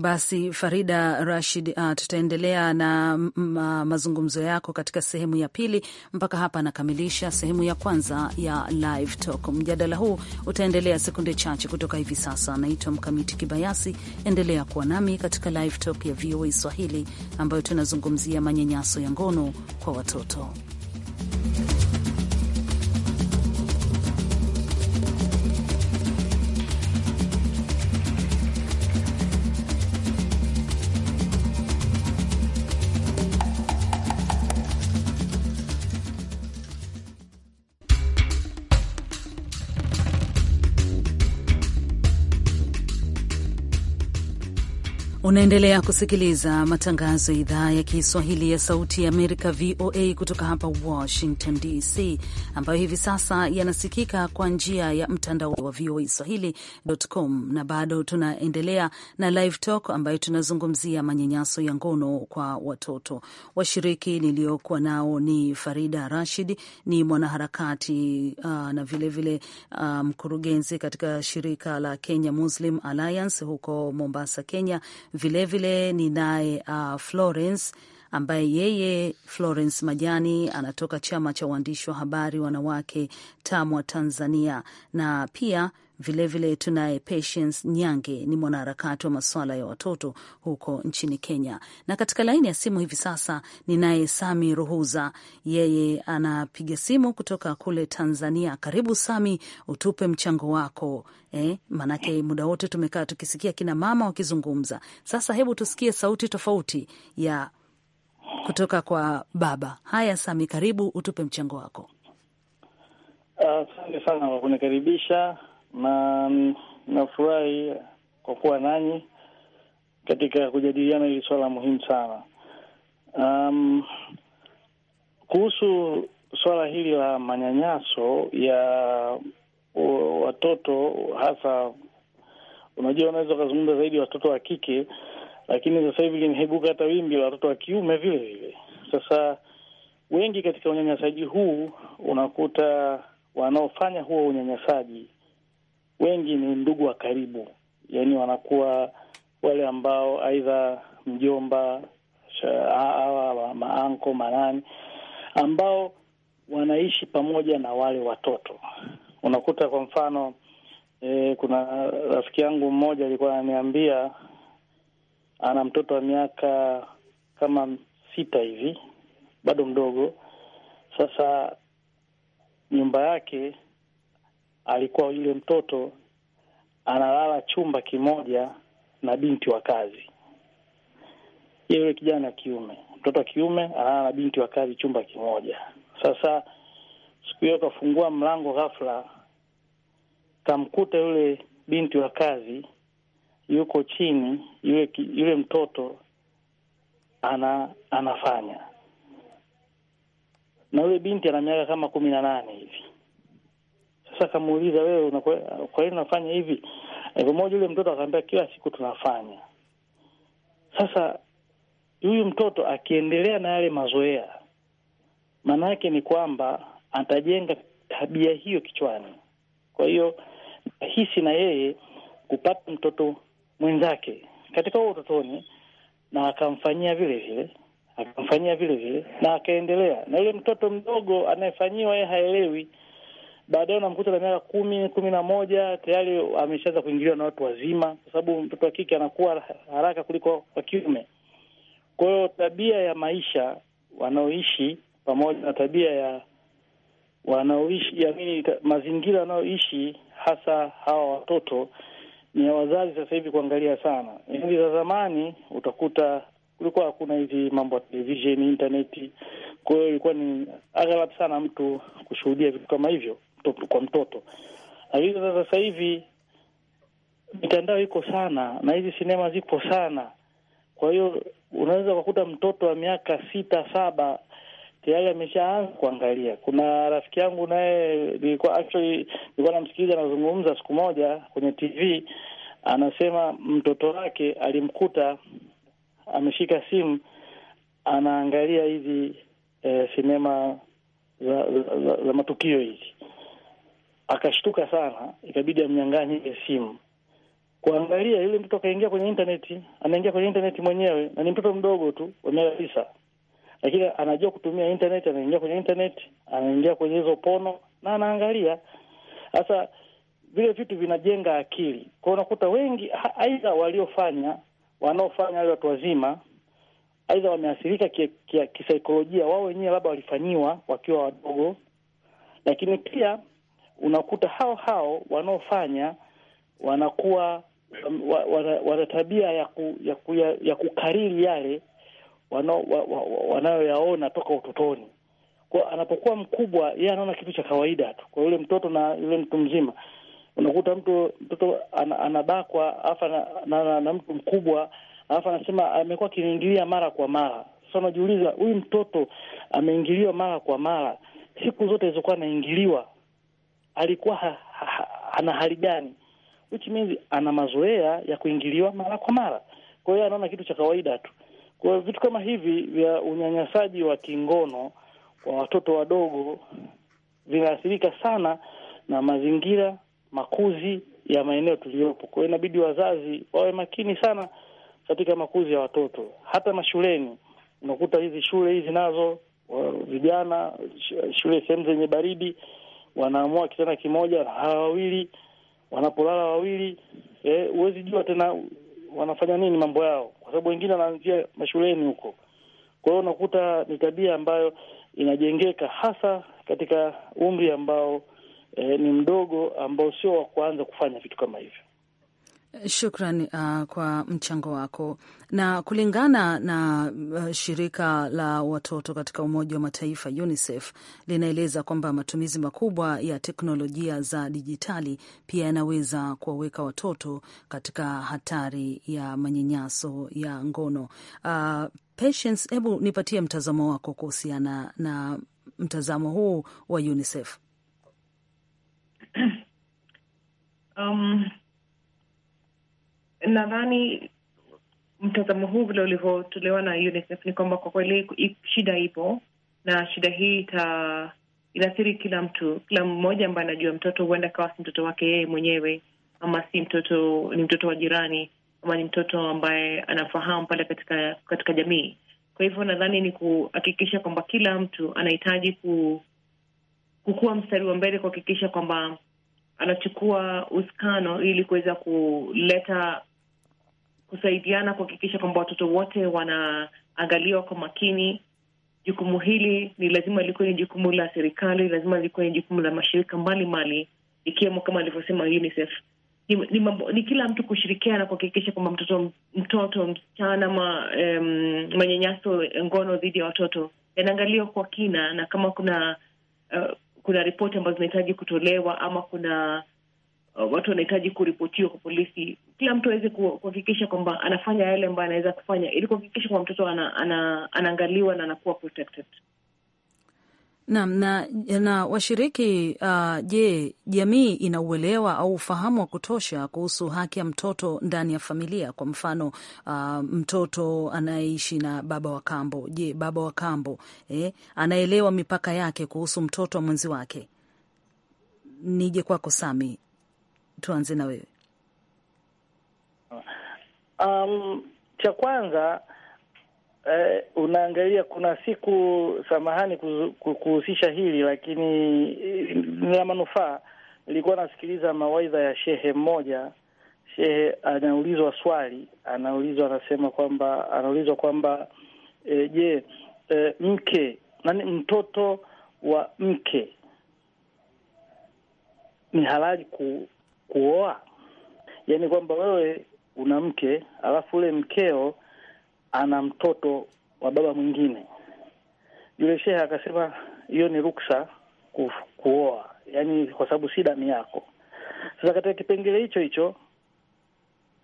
basi Farida Rashid, uh, tutaendelea na mm, mm, uh, mazungumzo yako katika sehemu ya pili. Mpaka hapa nakamilisha sehemu ya kwanza ya Live Talk. Mjadala huu utaendelea sekunde chache kutoka hivi sasa. anaitwa Mkamiti Kibayasi, endelea kuwa nami katika Live Talk ya VOA Swahili ambayo tunazungumzia manyanyaso ya ngono kwa watoto. Unaendelea kusikiliza matangazo ya idhaa ya Kiswahili ya Sauti ya Amerika, VOA, kutoka hapa Washington DC, ambayo hivi sasa yanasikika kwa njia ya mtandao wa VOA Swahili.com, na bado tunaendelea na Live Talk ambayo tunazungumzia manyanyaso ya ngono kwa watoto. Washiriki niliyokuwa nao ni Farida Rashid, ni mwanaharakati uh, na vilevile uh, mkurugenzi katika shirika la Kenya Muslim Alliance huko Mombasa, Kenya. Vilevile ninaye uh, Florence ambaye yeye Florence Majani anatoka chama cha waandishi wa habari wanawake TAMWA Tanzania na pia Vilevile tunaye Patience Nyange, ni mwanaharakati wa masuala ya watoto huko nchini Kenya. Na katika laini ya simu hivi sasa ninaye Sami Ruhuza, yeye anapiga simu kutoka kule Tanzania. Karibu Sami, utupe mchango wako eh, maanake muda wote tumekaa tukisikia kina mama wakizungumza. Sasa hebu tusikie sauti tofauti ya kutoka kwa baba. Haya Sami, karibu utupe mchango wako. Asante uh, sana kwa kunikaribisha na nafurahi kwa kuwa nanyi katika kujadiliana hili swala muhimu sana. Um, kuhusu swala hili la manyanyaso ya watoto hasa, unajua, unaweza ukazungumza zaidi watoto wa kike, lakini sasa hivi limehebuka hata wimbi la watoto wa kiume vile vile. Sasa wengi katika unyanyasaji huu unakuta wanaofanya huo unyanyasaji wengi ni ndugu wa karibu, yaani wanakuwa wale ambao aidha mjomba awa maanko manani ambao wanaishi pamoja na wale watoto. Unakuta kwa mfano e, kuna rafiki yangu mmoja alikuwa ananiambia ana mtoto wa miaka kama sita hivi, bado mdogo. Sasa nyumba yake alikuwa yule mtoto analala chumba kimoja na binti wa kazi, yule kijana wa kiume, mtoto wa kiume analala na binti wa kazi chumba kimoja. Sasa siku hiyo akafungua mlango ghafla, kamkuta yule binti wa kazi yuko chini, yule yule mtoto ana anafanya, na yule binti ana miaka kama kumi na nane hivi sasa akamuuliza wewe, kwa nini unafanya hivi? Hivyo moja, yule mtoto akaambia kila siku tunafanya. Sasa huyu mtoto akiendelea na yale mazoea, maana yake ni kwamba atajenga tabia hiyo kichwani. Kwa hiyo hisi na yeye kupata mtoto mwenzake katika huo utotoni, na akamfanyia vile vile, akamfanyia vile vile, na akaendelea na yule mtoto mdogo anayefanyiwa, yeye haelewi baadaye unamkuta na miaka kumi kumi na moja tayari ameshaanza kuingiliwa na watu wazima, kwa sababu mtoto wa kike anakuwa haraka kuliko wa kiume. Kwa hiyo tabia ya maisha wanaoishi pamoja na tabia ya wanaoishi yamini mazingira wanayoishi hasa hawa watoto ni ya wazazi sasa hivi kuangalia sana. Enzi za zamani utakuta kulikuwa hakuna hizi mambo ya televisheni, intaneti, kwa hiyo ilikuwa ni aghalab sana mtu kushuhudia vitu kama hivyo kwa mtoto. Lakini sasa hivi mitandao iko sana na hizi sinema ziko sana, kwa hiyo unaweza ukakuta mtoto wa miaka sita saba tayari ameshaanza kuangalia. Kuna rafiki yangu naye nilikuwa actually nilikuwa namsikiliza anazungumza siku moja kwenye TV, anasema mtoto wake alimkuta ameshika simu anaangalia hizi eh, sinema e, za, za, za, za matukio hizi akashtuka sana, ikabidi amnyang'anye simu. Kuangalia yule mtoto akaingia kwenye intaneti, anaingia kwenye intaneti mwenyewe, na ni mtoto mdogo tu wa miaka tisa, lakini anajua kutumia intaneti, anaingia kwenye intaneti, anaingia kwenye hizo pono na anaangalia sasa vile vitu vinajenga akili kwao. Unakuta wengi aidha waliofanya wanaofanya wale watu wazima, aidha wameathirika kisaikolojia, wao wenyewe labda walifanyiwa wakiwa wadogo, lakini pia unakuta hao hao wanaofanya wanakuwa um, wana, tabia ya, ku, ya, ku, ya, ya kukariri yale wanayoyaona wa, wa, toka utotoni. Kwa anapokuwa mkubwa, yeye anaona kitu cha kawaida tu kwa yule mtoto na yule mtu mzima. Unakuta mtu mtoto an, anabakwa afa na, na, na, na mtu mkubwa alafu anasema amekuwa akiniingilia mara kwa mara. Sasa unajiuliza huyu mtoto ameingiliwa mara kwa mara siku zote alizokuwa anaingiliwa alikuwa ha, ha, ha, ana hali gani, which means ana mazoea ya kuingiliwa mara kwa mara, kwa hiyo anaona kitu cha kawaida tu. Kwa vitu kama hivi vya unyanyasaji wa kingono kwa watoto wadogo vinaathirika sana na mazingira makuzi ya maeneo tuliyopo. Kwa hiyo inabidi wazazi wawe makini sana katika makuzi ya watoto, hata mashuleni. Unakuta hizi shule hizi nazo vijana, shule sehemu zenye baridi wanaamua kitanda kimoja, hawa wawili wanapolala wawili, e, huwezi eh, jua tena wanafanya nini mambo yao, kwa sababu wengine wanaanzia mashuleni huko. Kwa hiyo unakuta ni tabia ambayo inajengeka hasa katika umri ambao eh, ni mdogo, ambao sio wa kuanza kufanya vitu kama hivyo. Shukran uh, kwa mchango wako. Na kulingana na uh, shirika la watoto katika Umoja wa Mataifa UNICEF linaeleza kwamba matumizi makubwa ya teknolojia za dijitali pia yanaweza kuwaweka watoto katika hatari ya manyanyaso ya ngono. Uh, Patience, hebu nipatie mtazamo wako kuhusiana na mtazamo huu wa UNICEF. Um nadhani mtazamo huu vile ulivyotolewa na UNICEF ni kwamba kwa kweli shida ipo na shida hii ita inaathiri kila mtu, kila mmoja ambaye anajua mtoto. Huenda akawa si mtoto wake yeye mwenyewe, ama si mtoto, ni mtoto wa jirani, ama ni mtoto ambaye anafahamu pale katika katika jamii. Kwa hivyo nadhani ni kuhakikisha kwamba kila mtu anahitaji ku, kukuwa mstari wa mbele kuhakikisha kwamba anachukua uskano ili kuweza kuleta kusaidiana kuhakikisha kwamba watoto wote wanaangaliwa kwa makini. Jukumu hili ni lazima likuwe ni jukumu la serikali, lazima likuwe ni jukumu la mashirika mbalimbali, ikiwemo kama alivyosema UNICEF. Ni, ni, mambo, ni kila mtu kushirikiana kuhakikisha kwamba mtoto mtoto msichana ma, um, manyanyaso ngono dhidi ya watoto yanaangaliwa kwa kina, na kama kuna uh, kuna ripoti ambazo zinahitaji kutolewa ama kuna uh, watu wanahitaji kuripotiwa kwa polisi, kila mtu aweze kuhakikisha kwamba anafanya yale ambayo anaweza kufanya ili kuhakikisha kwamba mtoto ana, ana, anaangaliwa na anakuwa protected. Naam, na, na washiriki uh, je, jamii inauelewa au ufahamu wa kutosha kuhusu haki ya mtoto ndani ya familia? Kwa mfano uh, mtoto anayeishi na baba wa kambo, je, baba wa kambo eh, anaelewa mipaka yake kuhusu mtoto wa mwenzi wake? Nije kwako Sami tuanze na wewe. Um, cha kwanza eh, unaangalia kuna siku, samahani kuhusisha hili lakini eh, ni la manufaa. Nilikuwa nasikiliza mawaidha ya shehe mmoja. Shehe anaulizwa swali, anaulizwa anasema kwamba anaulizwa kwamba eh, je, eh, mke nani, mtoto wa mke ni halali ku, kuoa, yaani kwamba wewe una mke alafu ule mkeo ana mtoto wa baba mwingine. Yule shehe akasema hiyo ni ruksa ku, kuoa, yaani kwa sababu si damu yako. Sasa katika kipengele hicho hicho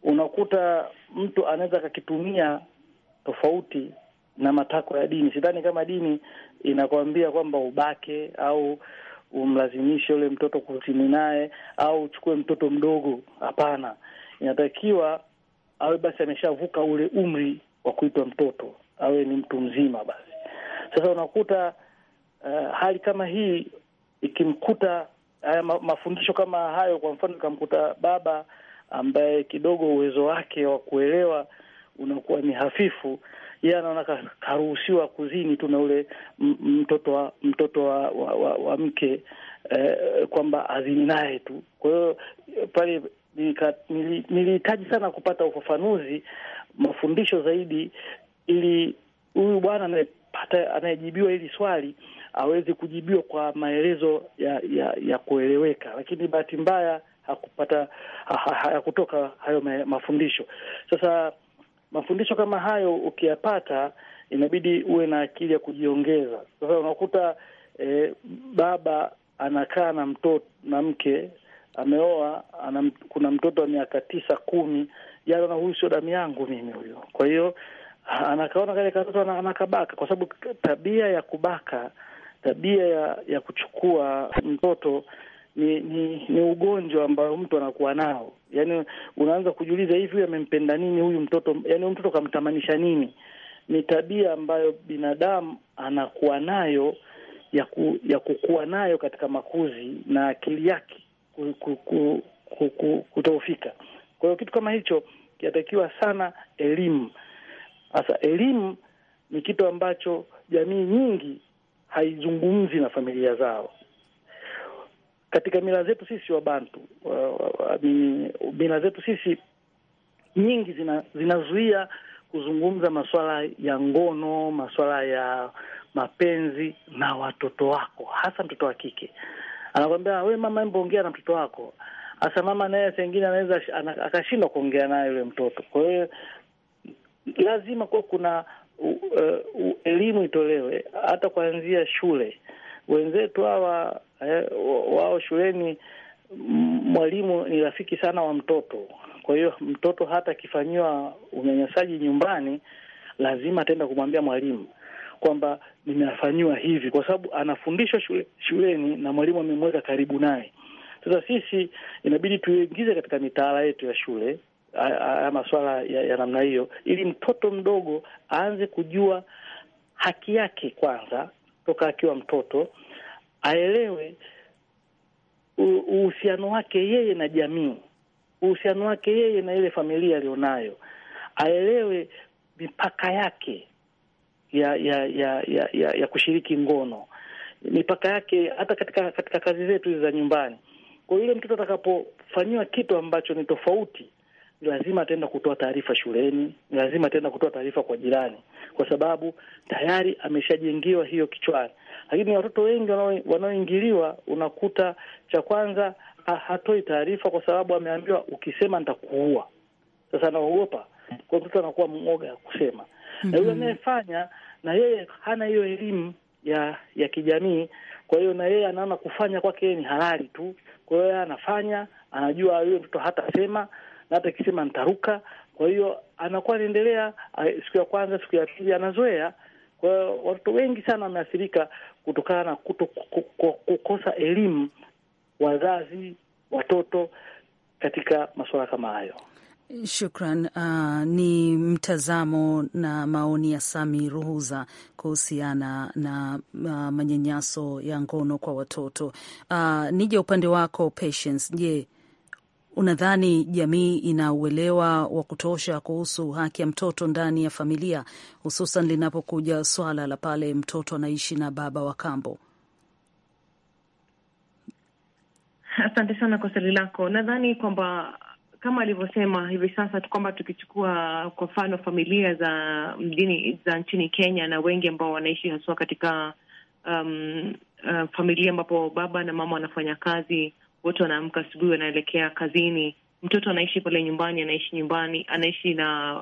unakuta mtu anaweza akakitumia tofauti na matakwa ya dini. Sidhani kama dini inakwambia kwamba ubake au umlazimishe yule mtoto kutini naye au uchukue mtoto mdogo. Hapana, inatakiwa awe basi ameshavuka ule umri wa kuitwa mtoto, awe ni mtu mzima. Basi sasa unakuta uh, hali kama hii ikimkuta haya mafundisho kama hayo, kwa mfano ikamkuta baba ambaye kidogo uwezo wake wa kuelewa unakuwa ni hafifu, yeye anaona karuhusiwa kuzini tu na ule mtoto wa mtoto wa, wa, wa, wa mke eh, kwamba azini naye tu. Kwa hiyo pale nilihitaji sana kupata ufafanuzi, mafundisho zaidi, ili huyu bwana anayepata anayejibiwa hili swali aweze kujibiwa kwa maelezo ya, ya, ya kueleweka, lakini bahati mbaya hakupata ha, ha, hayo mafundisho sasa mafundisho kama hayo ukiyapata, inabidi uwe na akili ya kujiongeza. Sasa unakuta e, baba anakaa na mtoto na mke ameoa ana, kuna mtoto wa miaka tisa kumi, yana huyu sio damu yangu mimi huyo. Kwa hiyo anakaona kale katoto anakabaka, kwa sababu tabia ya kubaka, tabia ya, ya kuchukua mtoto ni ni, ni ugonjwa ambayo mtu anakuwa nao, yani unaanza kujiuliza hivi, huyu amempenda nini huyu mtoto, Yani huyu mtoto kamtamanisha nini? Ni tabia ambayo binadamu anakuwa nayo ya, ku, ya kukuwa nayo katika makuzi na akili yake ku, ku, ku, ku, ku, Kwa hiyo kitu kama hicho kinatakiwa sana elimu. Sasa elimu ni kitu ambacho jamii nyingi haizungumzi na familia zao katika mila zetu sisi Wabantu mila zetu sisi nyingi zina, zinazuia kuzungumza masuala ya ngono, masuala ya mapenzi na watoto wako, hasa mtoto wa kike. Anakwambia ah, we mama, embo ongea na mtoto wako. Hasa mama naye sengine anaweza akashindwa kuongea naye yule mtoto. Kwa hiyo lazima kuwa kuna elimu uh, elimu itolewe hata kuanzia shule wenzetu hawa eh, wao shuleni, mwalimu ni rafiki sana wa mtoto. Kwa hiyo mtoto hata akifanyiwa unyanyasaji nyumbani, lazima ataenda kumwambia mwalimu kwamba nimefanyiwa hivi, kwa sababu anafundishwa shule, shuleni na mwalimu amemweka karibu naye. Sasa sisi inabidi tuingize katika mitaala yetu ya shule haya masuala ya, ya namna hiyo, ili mtoto mdogo aanze kujua haki yake kwanza, toka akiwa mtoto, aelewe uhusiano wake yeye na jamii, uhusiano wake yeye na ile familia aliyonayo, aelewe mipaka yake ya ya ya ya, ya, ya kushiriki ngono, mipaka yake hata katika katika kazi zetu hizi za nyumbani. Kwa hiyo yule mtoto atakapofanyiwa kitu ambacho ni tofauti lazima ataenda kutoa taarifa shuleni, lazima ataenda kutoa taarifa kwa jirani, kwa sababu tayari ameshajengiwa hiyo kichwani. Lakini watoto wengi wanaoingiliwa, unakuta cha kwanza hatoi taarifa, kwa sababu ameambiwa ukisema nitakuua. Sasa anaogopa, kwa mtoto anakuwa mwoga ya kusema mm -hmm. Na yule mm-hmm. anayefanya na yeye hana hiyo elimu ya ya kijamii, kwa hiyo na yeye anaona kufanya kwake ni halali tu, kwa hiyo anafanya, anajua huyo mtoto hatasema na hata akisema nitaruka. Kwa hiyo anakuwa anaendelea siku ya kwanza, siku ya pili anazoea. Kwa hiyo watoto wengi sana wameathirika kutokana na kuto kukosa elimu, wazazi, watoto katika masuala kama hayo. Shukran. Uh, ni mtazamo na maoni ya Sami Ruhuza kuhusiana na uh, manyanyaso ya ngono kwa watoto. Uh, nije upande wako Patience. Je, Unadhani jamii ina uelewa wa kutosha kuhusu haki ya mtoto ndani ya familia, hususan linapokuja swala la pale mtoto anaishi na baba wa kambo? Asante sana kwa swali lako. Nadhani kwamba kama alivyosema hivi sasa tu kwamba tukichukua kwa mfano familia za mjini za nchini Kenya na wengi ambao wanaishi haswa katika um, uh, familia ambapo baba na mama wanafanya kazi watu wanaamka asubuhi, wanaelekea kazini. Mtoto anaishi pale nyumbani, anaishi nyumbani, anaishi na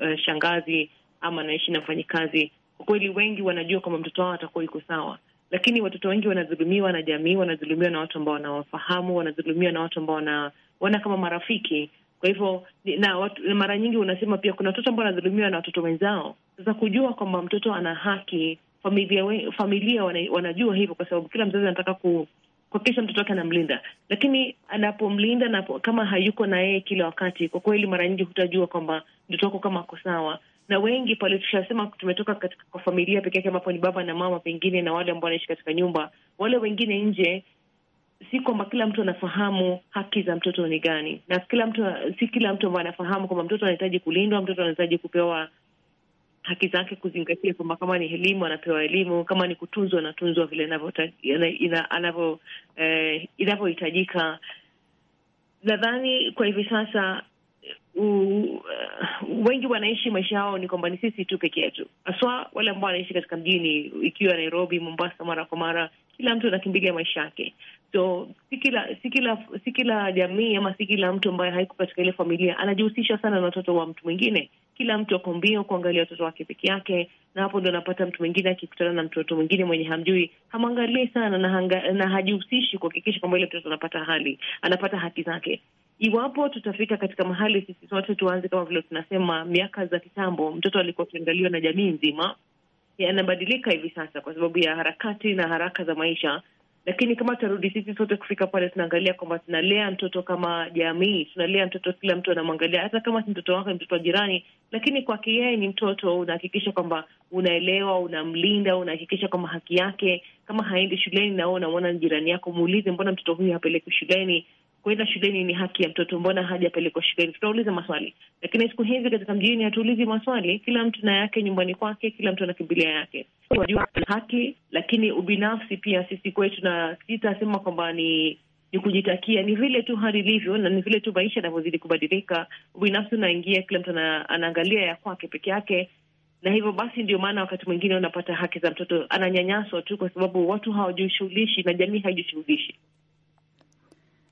uh, shangazi ama anaishi na mfanyikazi. Kwa kweli, wengi wanajua kwamba mtoto wao atakuwa yuko sawa, lakini watoto wengi wanadhulumiwa na jamii, wanadhulumiwa na watu ambao wanawafahamu, wanadhulumiwa na watu ambao wanaona kama marafiki. Kwa hivyo na watu, mara nyingi unasema pia kuna watoto ambao wanadhulumiwa na watoto wenzao. Sasa kujua kwamba mtoto ana haki familia, familia wanajua hivyo, kwa sababu kila mzazi anataka ku, kuhakikisha mtoto wake anamlinda, lakini anapomlinda na kama hayuko na yeye kila wakati, kwa kweli mara nyingi hutajua kwamba mtoto wako kama ako sawa. Na wengi pale tushasema, tumetoka katika kwa familia peke yake ambapo ni baba na mama pengine na wale ambao wanaishi katika nyumba, wale wengine nje, si kwamba kila mtu anafahamu haki za mtoto ni gani, na kila mtu si kila mtu ambaye anafahamu kwamba mtoto anahitaji kulindwa, mtoto anahitaji kupewa haki zake kuzingatia kwamba kama ni elimu anapewa elimu, kama ni kutunzwa anatunzwa vile eh, inavyohitajika. Eh, nadhani kwa hivi sasa uh, wengi wanaishi maisha yao ni kwamba ni sisi tu peke yetu, haswa wale ambao wanaishi katika mjini, ikiwa Nairobi, Mombasa, mara kwa mara kila mtu anakimbilia maisha yake, so si kila si kila si kila jamii ama si kila mtu ambaye haiko katika ile familia anajihusisha sana na watoto wa mtu mwingine kila mtu ako mbio kuangalia watoto wake peke yake, na hapo ndo anapata mtu mwingine akikutana na mtoto mwingine mwenye hamjui, hamwangalii sana na, hanga, na hajihusishi kuhakikisha kwamba ile mtoto anapata hali anapata haki zake. Iwapo tutafika katika mahali sisi sote tuanze, kama vile tunasema miaka za kitambo, mtoto alikuwa akiangaliwa na jamii nzima, yanabadilika hivi sasa kwa sababu ya harakati na haraka za maisha lakini kama tutarudi sisi sote kufika pale, tunaangalia kwamba tunalea mtoto kama jamii, tunalea mtoto, kila mtu anamwangalia, hata kama si mtoto wako, ni mtoto wa jirani, lakini kwake yeye ni mtoto. Unahakikisha kwamba unaelewa, unamlinda, unahakikisha kwamba haki yake. Kama haendi shuleni na wewe unamwona ni jirani yako, muulize, mbona mtoto huyu hapeleki shuleni? kwenda shuleni ni haki ya mtoto, mbona hajapelekwa shuleni? Tunauliza maswali, lakini siku hizi katika mjini hatuulizi maswali. Kila mtu na yake nyumbani kwake, kila mtu anakimbilia yake. Wajua haki, lakini ubinafsi pia sisi kwetu, na sitasema kwamba ni ni kujitakia, ni vile tu hali ilivyo na ni vile tu maisha yanavyozidi kubadilika. Ubinafsi unaingia, kila mtu anaangalia ya kwake peke yake, na hivyo basi ndio maana wakati mwingine unapata haki za mtoto ananyanyaswa tu, kwa sababu watu hawajishughulishi na jamii haijishughulishi.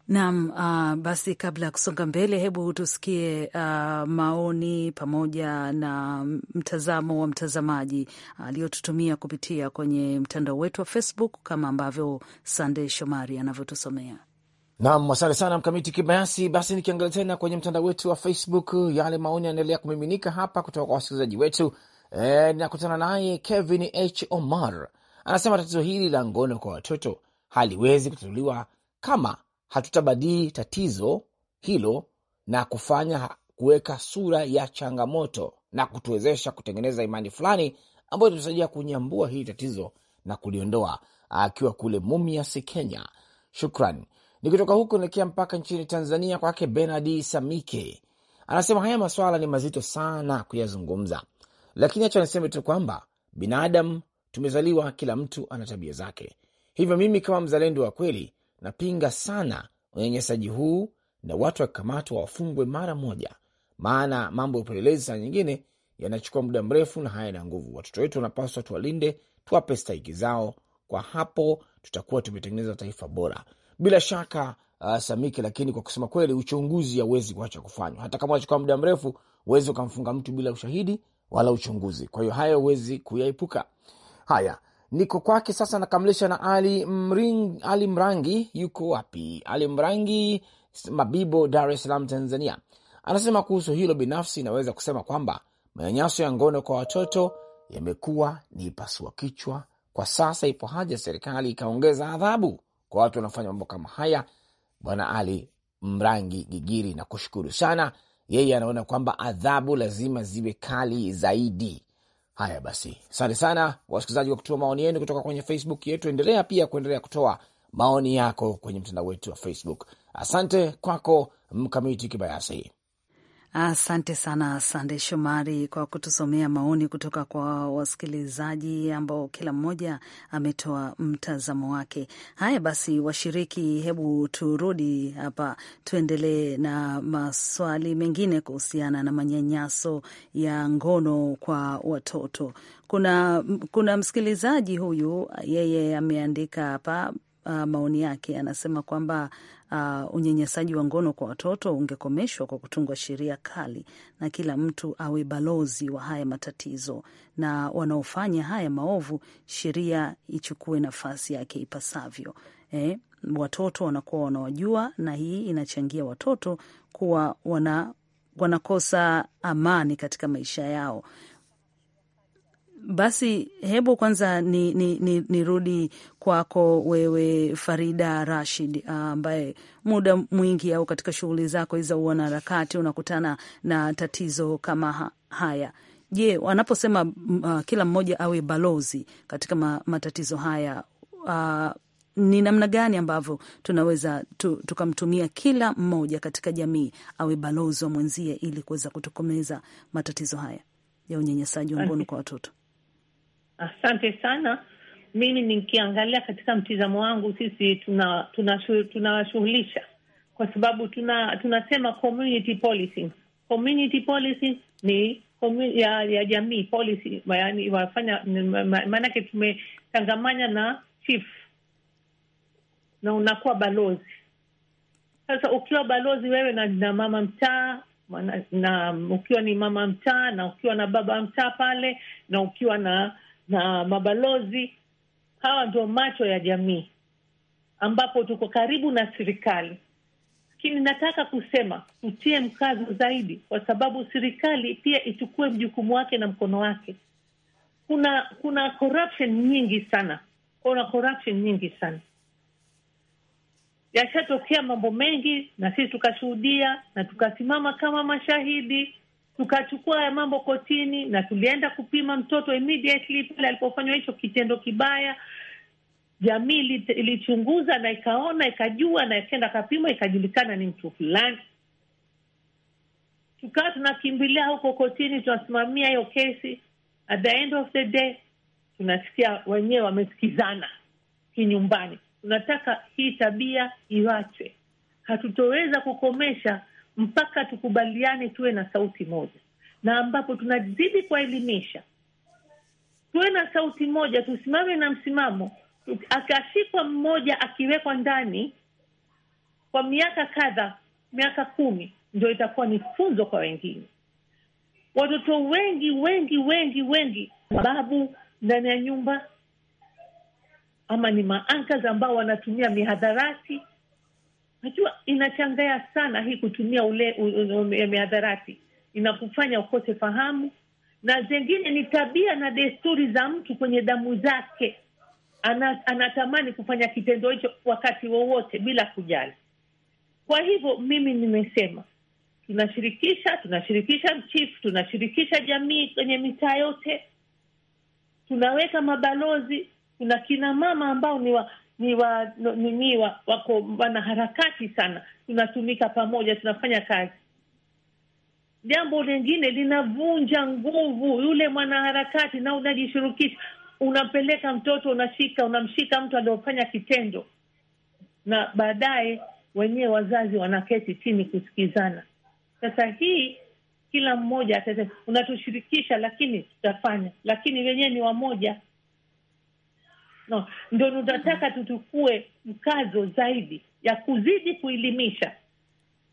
Naam, uh, basi kabla ya kusonga mbele, hebu tusikie uh, maoni pamoja na mtazamo wa mtazamaji aliyotutumia uh, kupitia kwenye mtandao wetu wa Facebook kama ambavyo sande Shomari anavyotusomea. Nam, asante sana Mkamiti Kibayasi. Basi nikiangalia tena kwenye mtandao wetu wa Facebook, yale maoni yanaendelea kumiminika hapa kutoka kwa wasikilizaji wetu. E, nakutana naye Kevin H Omar anasema tatizo hili la ngono kwa watoto haliwezi kutatuliwa kama hatutabadili tatizo hilo na kufanya kuweka sura ya changamoto na kutuwezesha kutengeneza imani fulani ambayo itasaidia kunyambua hili tatizo na kuliondoa, akiwa kule Mumias, Kenya. Shukran. kutoka huko naelekea mpaka nchini Tanzania, kwake Benard Samike anasema haya maswala ni mazito sana kuyazungumza, lakini acha niseme tu kwamba binadamu tumezaliwa, kila mtu ana tabia zake. Hivyo mimi kama mzalendo wa kweli napinga sana unyanyasaji huu na watu wakikamatwa wafungwe mara moja, maana mambo ya upelelezi saa nyingine yanachukua muda mrefu na hayana nguvu. Watoto wetu wanapaswa tuwalinde, tuwape stahiki zao. Kwa hapo tutakuwa tumetengeneza taifa bora bila shaka. Uh, Samiki, lakini kwa kusema kweli uchunguzi hauwezi kuacha kufanywa, hata kama unachukua muda mrefu. Huwezi ukamfunga mtu bila ushahidi wala uchunguzi. Kwa hiyo hayo huwezi kuyaepuka haya niko kwake sasa. Nakamilisha na Ali, Mring, Ali Mrangi yuko wapi? Ali Mrangi Mabibo, Dar es Salaam, Tanzania, anasema kuhusu hilo, binafsi naweza kusema kwamba manyanyaso ya ngono kwa watoto yamekuwa ni pasua kichwa kwa sasa. Ipo haja serikali ikaongeza adhabu kwa watu wanaofanya mambo kama haya. Bwana Ali Mrangi Gigiri, nakushukuru sana. Yeye anaona kwamba adhabu lazima ziwe kali zaidi. Haya basi, asante sana wasikilizaji wa kutoa maoni yenu kutoka kwenye Facebook yetu. Endelea pia kuendelea kutoa maoni yako kwenye mtandao wetu wa Facebook. Asante kwako Mkamiti Kibayasi. Asante sana Sande Shomari kwa kutusomea maoni kutoka kwa wasikilizaji ambao kila mmoja ametoa mtazamo wake. Haya basi, washiriki, hebu turudi hapa, tuendelee na maswali mengine kuhusiana na manyanyaso ya ngono kwa watoto. Kuna, kuna msikilizaji huyu yeye ameandika hapa Uh, maoni yake anasema kwamba uh, unyanyasaji wa ngono kwa watoto ungekomeshwa kwa kutungwa sheria kali na kila mtu awe balozi wa haya matatizo, na wanaofanya haya maovu sheria ichukue nafasi yake ipasavyo. Eh, watoto wanakuwa wanawajua, na hii inachangia watoto kuwa wana, wanakosa amani katika maisha yao. Basi hebu kwanza nirudi ni, ni, ni kwako wewe Farida Rashid ah, ambaye muda mwingi au katika shughuli zako za uanaharakati unakutana na tatizo kama haya. Je, wanaposema uh, kila mmoja awe balozi katika matatizo haya uh, ni namna gani ambavyo tunaweza tu, tukamtumia kila mmoja katika jamii awe balozi wa mwenzie ili kuweza kutokomeza matatizo haya ya unyanyasaji wa ngono kwa watoto? Asante sana. Mimi nikiangalia katika mtizamo wangu, sisi tunawashughulisha tuna, kwa sababu tuna, tunasema community policing. Community ni ya, ya jamii policy, yani wafanya maanake, tumetangamanya na chief na unakuwa balozi sasa. Ukiwa balozi wewe na, na mama mtaa na, na ukiwa ni mama mtaa na ukiwa na baba mtaa pale na ukiwa na na mabalozi. Hawa ndio macho ya jamii, ambapo tuko karibu na serikali. Lakini nataka kusema tutie mkazo zaidi, kwa sababu serikali pia ichukue mjukumu wake na mkono wake. Kuna kuna corruption nyingi sana, kuna corruption nyingi sana yashatokea mambo mengi, na sisi tukashuhudia na tukasimama kama mashahidi tukachukua ya mambo kotini na tulienda kupima mtoto immediately pale alipofanywa hicho kitendo kibaya. Jamii ilichunguza na ikaona ikajua, na ikenda kapima ikajulikana ni mtu fulani. Tukawa tunakimbilia huko kotini, tunasimamia hiyo kesi. At the end of the day tunasikia wenyewe wamesikizana kinyumbani, tunataka hii tabia iwachwe. Hatutoweza kukomesha mpaka tukubaliane tuwe na sauti moja, na ambapo tunazidi kuwaelimisha, tuwe na sauti moja, tusimame na msimamo. Akashikwa mmoja akiwekwa ndani kwa miaka kadha, miaka kumi, ndio itakuwa ni funzo kwa wengine. Watoto wengi wengi wengi wengi, sababu ndani ya nyumba ama ni maankas ambao wanatumia mihadharati Najua inachangaya sana hii kutumia ule mihadharati, inakufanya ukose fahamu, na zengine ni tabia na desturi za mtu kwenye damu zake. Ana, anatamani kufanya kitendo hicho wakati wowote bila kujali. Kwa hivyo mimi nimesema tunashirikisha tunashirikisha chief, tunashirikisha jamii kwenye mitaa yote, tunaweka mabalozi, kuna kina mama ambao ni wa ni wa nini wa, wako wanaharakati sana, tunatumika pamoja, tunafanya kazi. Jambo lingine linavunja nguvu yule mwanaharakati, na unajishirikisha, unampeleka mtoto, unashika unamshika mtu aliofanya kitendo, na baadaye wenyewe wazazi wanaketi chini kusikizana. Sasa hii kila mmoja unatushirikisha, lakini tutafanya, lakini wenyewe ni wamoja no, ndio tunataka tutukue mkazo zaidi ya kuzidi kuelimisha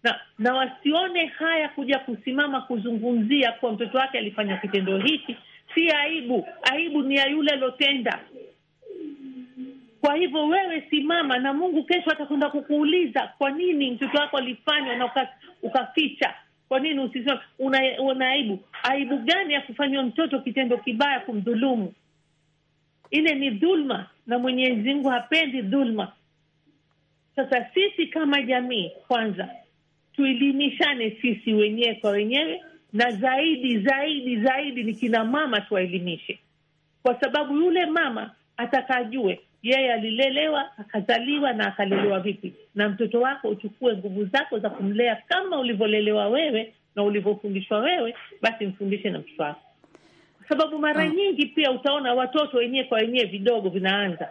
na, na wasione haya kuja kusimama kuzungumzia kwa mtoto wake alifanya kitendo hiki, si aibu. Aibu ni ya yule aliotenda Kwa hivyo wewe simama, na Mungu kesho atakwenda kukuuliza kwa nini mtoto wako alifanywa na ukaficha. Kwa nini usisema una, una aibu? Aibu gani ya kufanywa mtoto kitendo kibaya, kumdhulumu? ile ni dhulma, na Mwenyezi Mungu hapendi dhulma. Sasa sisi kama jamii, kwanza tuelimishane sisi wenyewe kwa wenyewe, na zaidi zaidi zaidi ni kina mama tuwaelimishe, kwa sababu yule mama atakajue yeye alilelewa akazaliwa na akalelewa vipi, na mtoto wako uchukue nguvu zako za kumlea kama ulivyolelewa wewe na ulivyofundishwa wewe, basi mfundishe na mtoto wako sababu mara ah, nyingi pia utaona watoto wenyewe kwa wenyewe vidogo vinaanza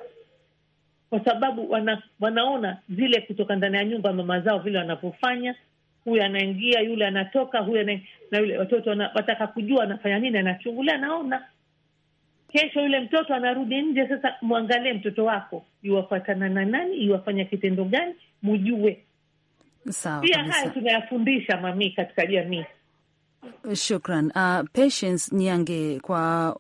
kwa sababu wana, wanaona zile kutoka ndani ya nyumba mama zao vile wanavyofanya, huyu anaingia, yule anatoka, huyu na, na yule watoto wataka kujua anafanya nini, anachungulia, anaona. Kesho yule mtoto anarudi nje. Sasa mwangalie mtoto wako, iwafatana na nani, iwafanya kitendo gani, mujue. Sawa pia, haya tunayafundisha mamii katika jamii. Shukran uh, Patience Nyange, kwa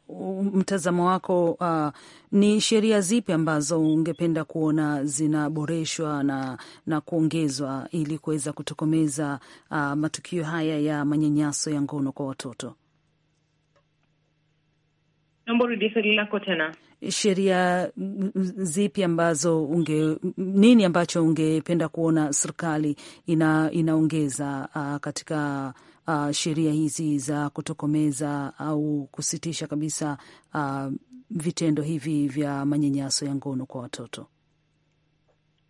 mtazamo wako uh, ni sheria zipi ambazo ungependa kuona zinaboreshwa na, na kuongezwa ili kuweza kutokomeza uh, matukio haya ya manyanyaso ya ngono kwa watoto? lako tena. Sheria zipi ambazo unge, nini ambacho ungependa kuona serikali ina, inaongeza uh, katika uh, sheria hizi za kutokomeza au kusitisha kabisa uh, vitendo hivi vya manyanyaso ya ngono kwa watoto?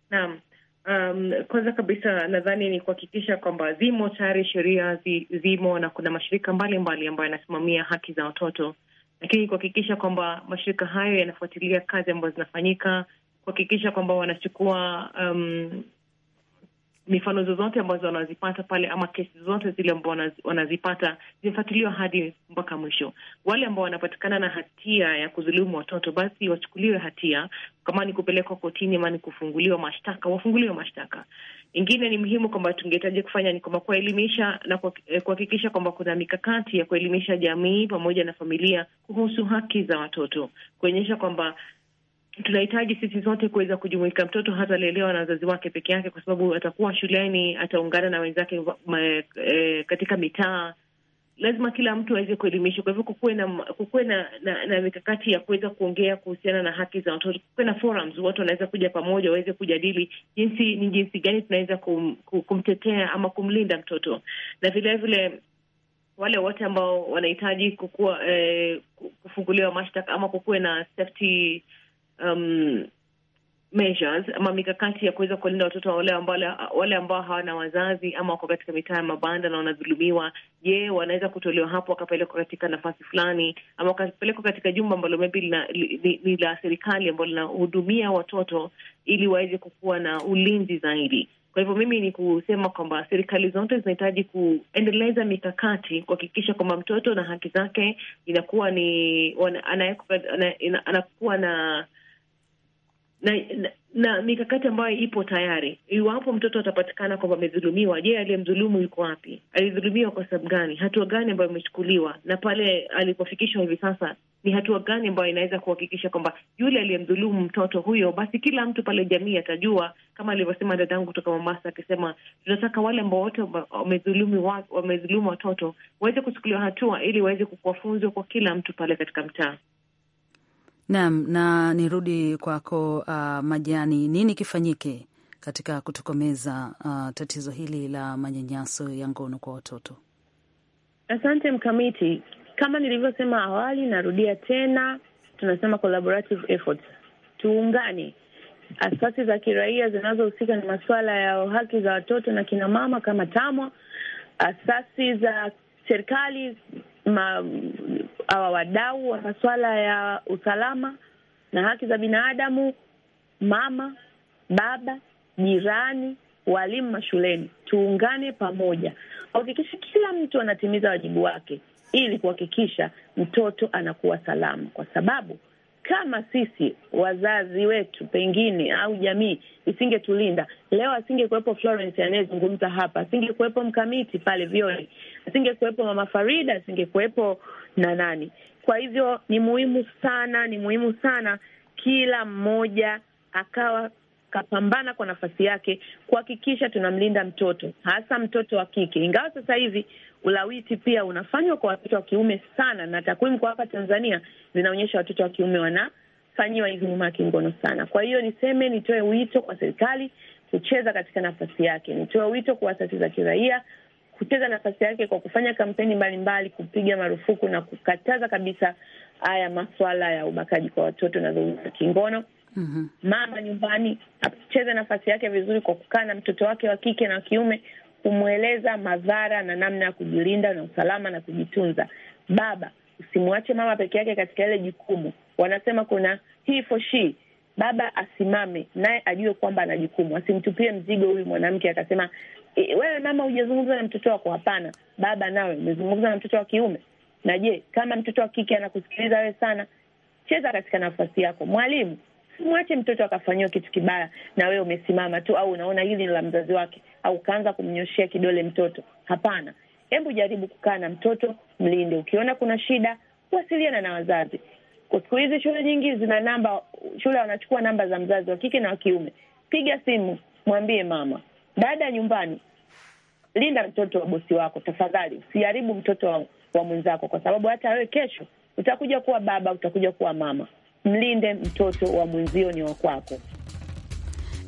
Naam. Um, kwanza kabisa nadhani ni kuhakikisha kwamba zimo tayari sheria zi, zimo na kuna mashirika mbalimbali ambayo yanasimamia haki za watoto, lakini kuhakikisha kwamba mashirika hayo yanafuatilia kazi ambazo zinafanyika, kuhakikisha kwamba wanachukua um, mifano zozote ambazo wanazipata pale ama kesi zote zile ambao wanazipata zimefuatiliwa hadi mpaka mwisho. Wale ambao wanapatikana na hatia ya kudhulumu watoto, basi wachukuliwe hatia, kama ni kupelekwa kotini ama ni kufunguliwa mashtaka, wafunguliwe mashtaka. Ingine ni muhimu kwamba tungehitaji kufanya ni kwamba kuwaelimisha na eh, kuhakikisha kwamba kuna mikakati ya kuelimisha jamii pamoja na familia kuhusu haki za watoto, kuonyesha kwamba tunahitaji sisi zote kuweza kujumuika. Mtoto hatalelewa na wazazi wake peke yake, kwa sababu atakuwa shuleni, ataungana na wenzake e, katika mitaa. Lazima kila mtu aweze kuelimishwa. Kwa hivyo kukuwe na kukuwe na, na, na mikakati ya kuweza kuongea kuhusiana na haki za watoto, kukuwe na forums, watu wanaweza kuja pamoja waweze kujadili jinsi ni jinsi gani tunaweza kum, kumtetea ama kumlinda mtoto, na vilevile vile, wale wote ambao wanahitaji kukua, eh, kufunguliwa mashtaka ama kukuwe na safety um, measures ama mikakati ya kuweza kuwalinda watoto wale wale ambao hawana wazazi ama wako katika mitaa ya mabanda na wanadhulumiwa. Je, wanaweza kutolewa hapo wakapelekwa katika nafasi fulani ama wakapelekwa katika jumba ambalo maybe ni la serikali ambalo linahudumia watoto ili waweze kukuwa na ulinzi zaidi. Kwa hivyo mimi ni kusema kwamba serikali zote zinahitaji kuendeleza mikakati kuhakikisha kwamba mtoto na haki zake inakuwa ni anakuwa na na, na, na mikakati ambayo ipo tayari. Iwapo mtoto atapatikana kwamba amedhulumiwa, je, aliyemdhulumu yuko wapi? Alidhulumiwa kwa sababu gani? Hatua gani ambayo imechukuliwa? Na pale alipofikishwa hivi sasa, ni hatua gani ambayo inaweza kuhakikisha kwamba yule aliyemdhulumu mtoto huyo, basi kila mtu pale jamii atajua, kama alivyosema dadangu kutoka Mombasa akisema, tunataka wale ambao wote wamedhulumu watoto waweze kuchukuliwa hatua, ili waweze kuwafunzwa kwa kila mtu pale katika mtaa. Naam, na nirudi kwako uh, Majani, nini kifanyike katika kutokomeza uh, tatizo hili la manyanyaso ya ngono kwa watoto? Asante Mkamiti, kama nilivyosema awali, narudia tena, tunasema collaborative efforts, tuungane asasi za kiraia zinazohusika na masuala ya haki za watoto na kina mama kama TAMWA, asasi za serikali hawa wadau wa masuala ya usalama na haki za binadamu, mama, baba, jirani, walimu mashuleni, tuungane pamoja kuhakikisha kila mtu anatimiza wajibu wake ili kuhakikisha mtoto anakuwa salama, kwa sababu kama sisi wazazi wetu pengine au jamii isingetulinda leo, asingekuwepo Florence anayezungumza hapa, asingekuwepo mkamiti pale vioni, asingekuwepo mama Farida, asingekuwepo na nani. Kwa hivyo ni muhimu sana, ni muhimu sana kila mmoja akawa akapambana kwa nafasi yake kuhakikisha tunamlinda mtoto, hasa mtoto wa kike, ingawa sasa hivi ulawiti pia unafanywa kwa watoto wa kiume sana, na takwimu kwa hapa Tanzania zinaonyesha watoto wa kiume wanafanyiwa hivi nyuma ya kingono sana. Kwa hiyo niseme, nitoe wito kwa serikali kucheza katika nafasi yake, nitoe wito kwa asasi za kiraia kucheza nafasi yake kwa kufanya kampeni mbalimbali, kupiga marufuku na kukataza kabisa haya maswala ya ubakaji kwa watoto na dhuluma za kingono mm -hmm. mama nyumbani acheze nafasi yake vizuri kwa kukaa na mtoto wake wa kike na wa kiume, kumweleza madhara na namna ya kujilinda na usalama na kujitunza. Baba, usimwache mama peke yake katika ile jukumu. Wanasema kuna he for she Baba asimame naye, ajue kwamba ana jukumu, asimtupie mzigo huyu mwanamke akasema, e, wewe mama hujazungumza na mtoto wako. Hapana, baba nawe umezungumza na mtoto wa kiume. Na je, kama mtoto wa kike anakusikiliza wewe sana, cheza katika nafasi yako. Mwalimu, Simwache mtoto akafanyiwa kitu kibaya na wewe umesimama tu, au unaona hili la mzazi wake, au ukaanza kumnyoshea kidole mtoto. Hapana, hebu jaribu kukaa na mtoto, mlinde. Ukiona kuna shida, wasiliana na wazazi. Kwa siku hizi shule nyingi zina namba, shule wanachukua namba za mzazi wa kike na wa kiume. Piga simu, mwambie mama, dada nyumbani, linda mtoto wa bosi wako tafadhali, usiharibu mtoto wa, wa mwenzako, kwa sababu hata wewe kesho utakuja kuwa baba, utakuja kuwa mama mlinde mtoto wa mwenzio, ni wa kwako.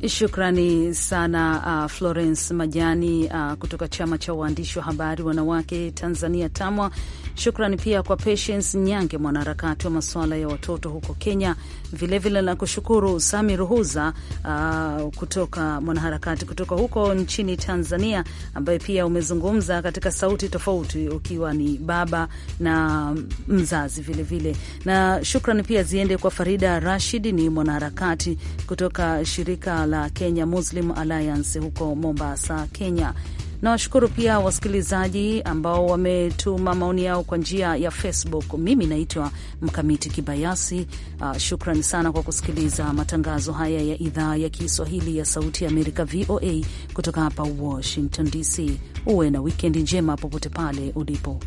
Shukrani sana uh, Florence Majani uh, kutoka chama cha waandishi wa habari wanawake Tanzania TAMWA Shukrani pia kwa Patience Nyange, mwanaharakati wa masuala ya watoto huko Kenya. Vilevile nakushukuru Sami Ruhuza, uh, kutoka mwanaharakati kutoka huko nchini Tanzania, ambaye pia umezungumza katika sauti tofauti ukiwa ni baba na mzazi vilevile vile. Na shukrani pia ziende kwa Farida Rashid, ni mwanaharakati kutoka shirika la Kenya Muslim Alliance huko Mombasa, Kenya. Nawashukuru pia wasikilizaji ambao wametuma maoni yao kwa njia ya Facebook. Mimi naitwa Mkamiti Kibayasi. Uh, ah, shukran sana kwa kusikiliza matangazo haya ya idhaa ya Kiswahili ya Sauti ya Amerika, VOA, kutoka hapa Washington DC. Uwe na wikendi njema popote pale ulipo.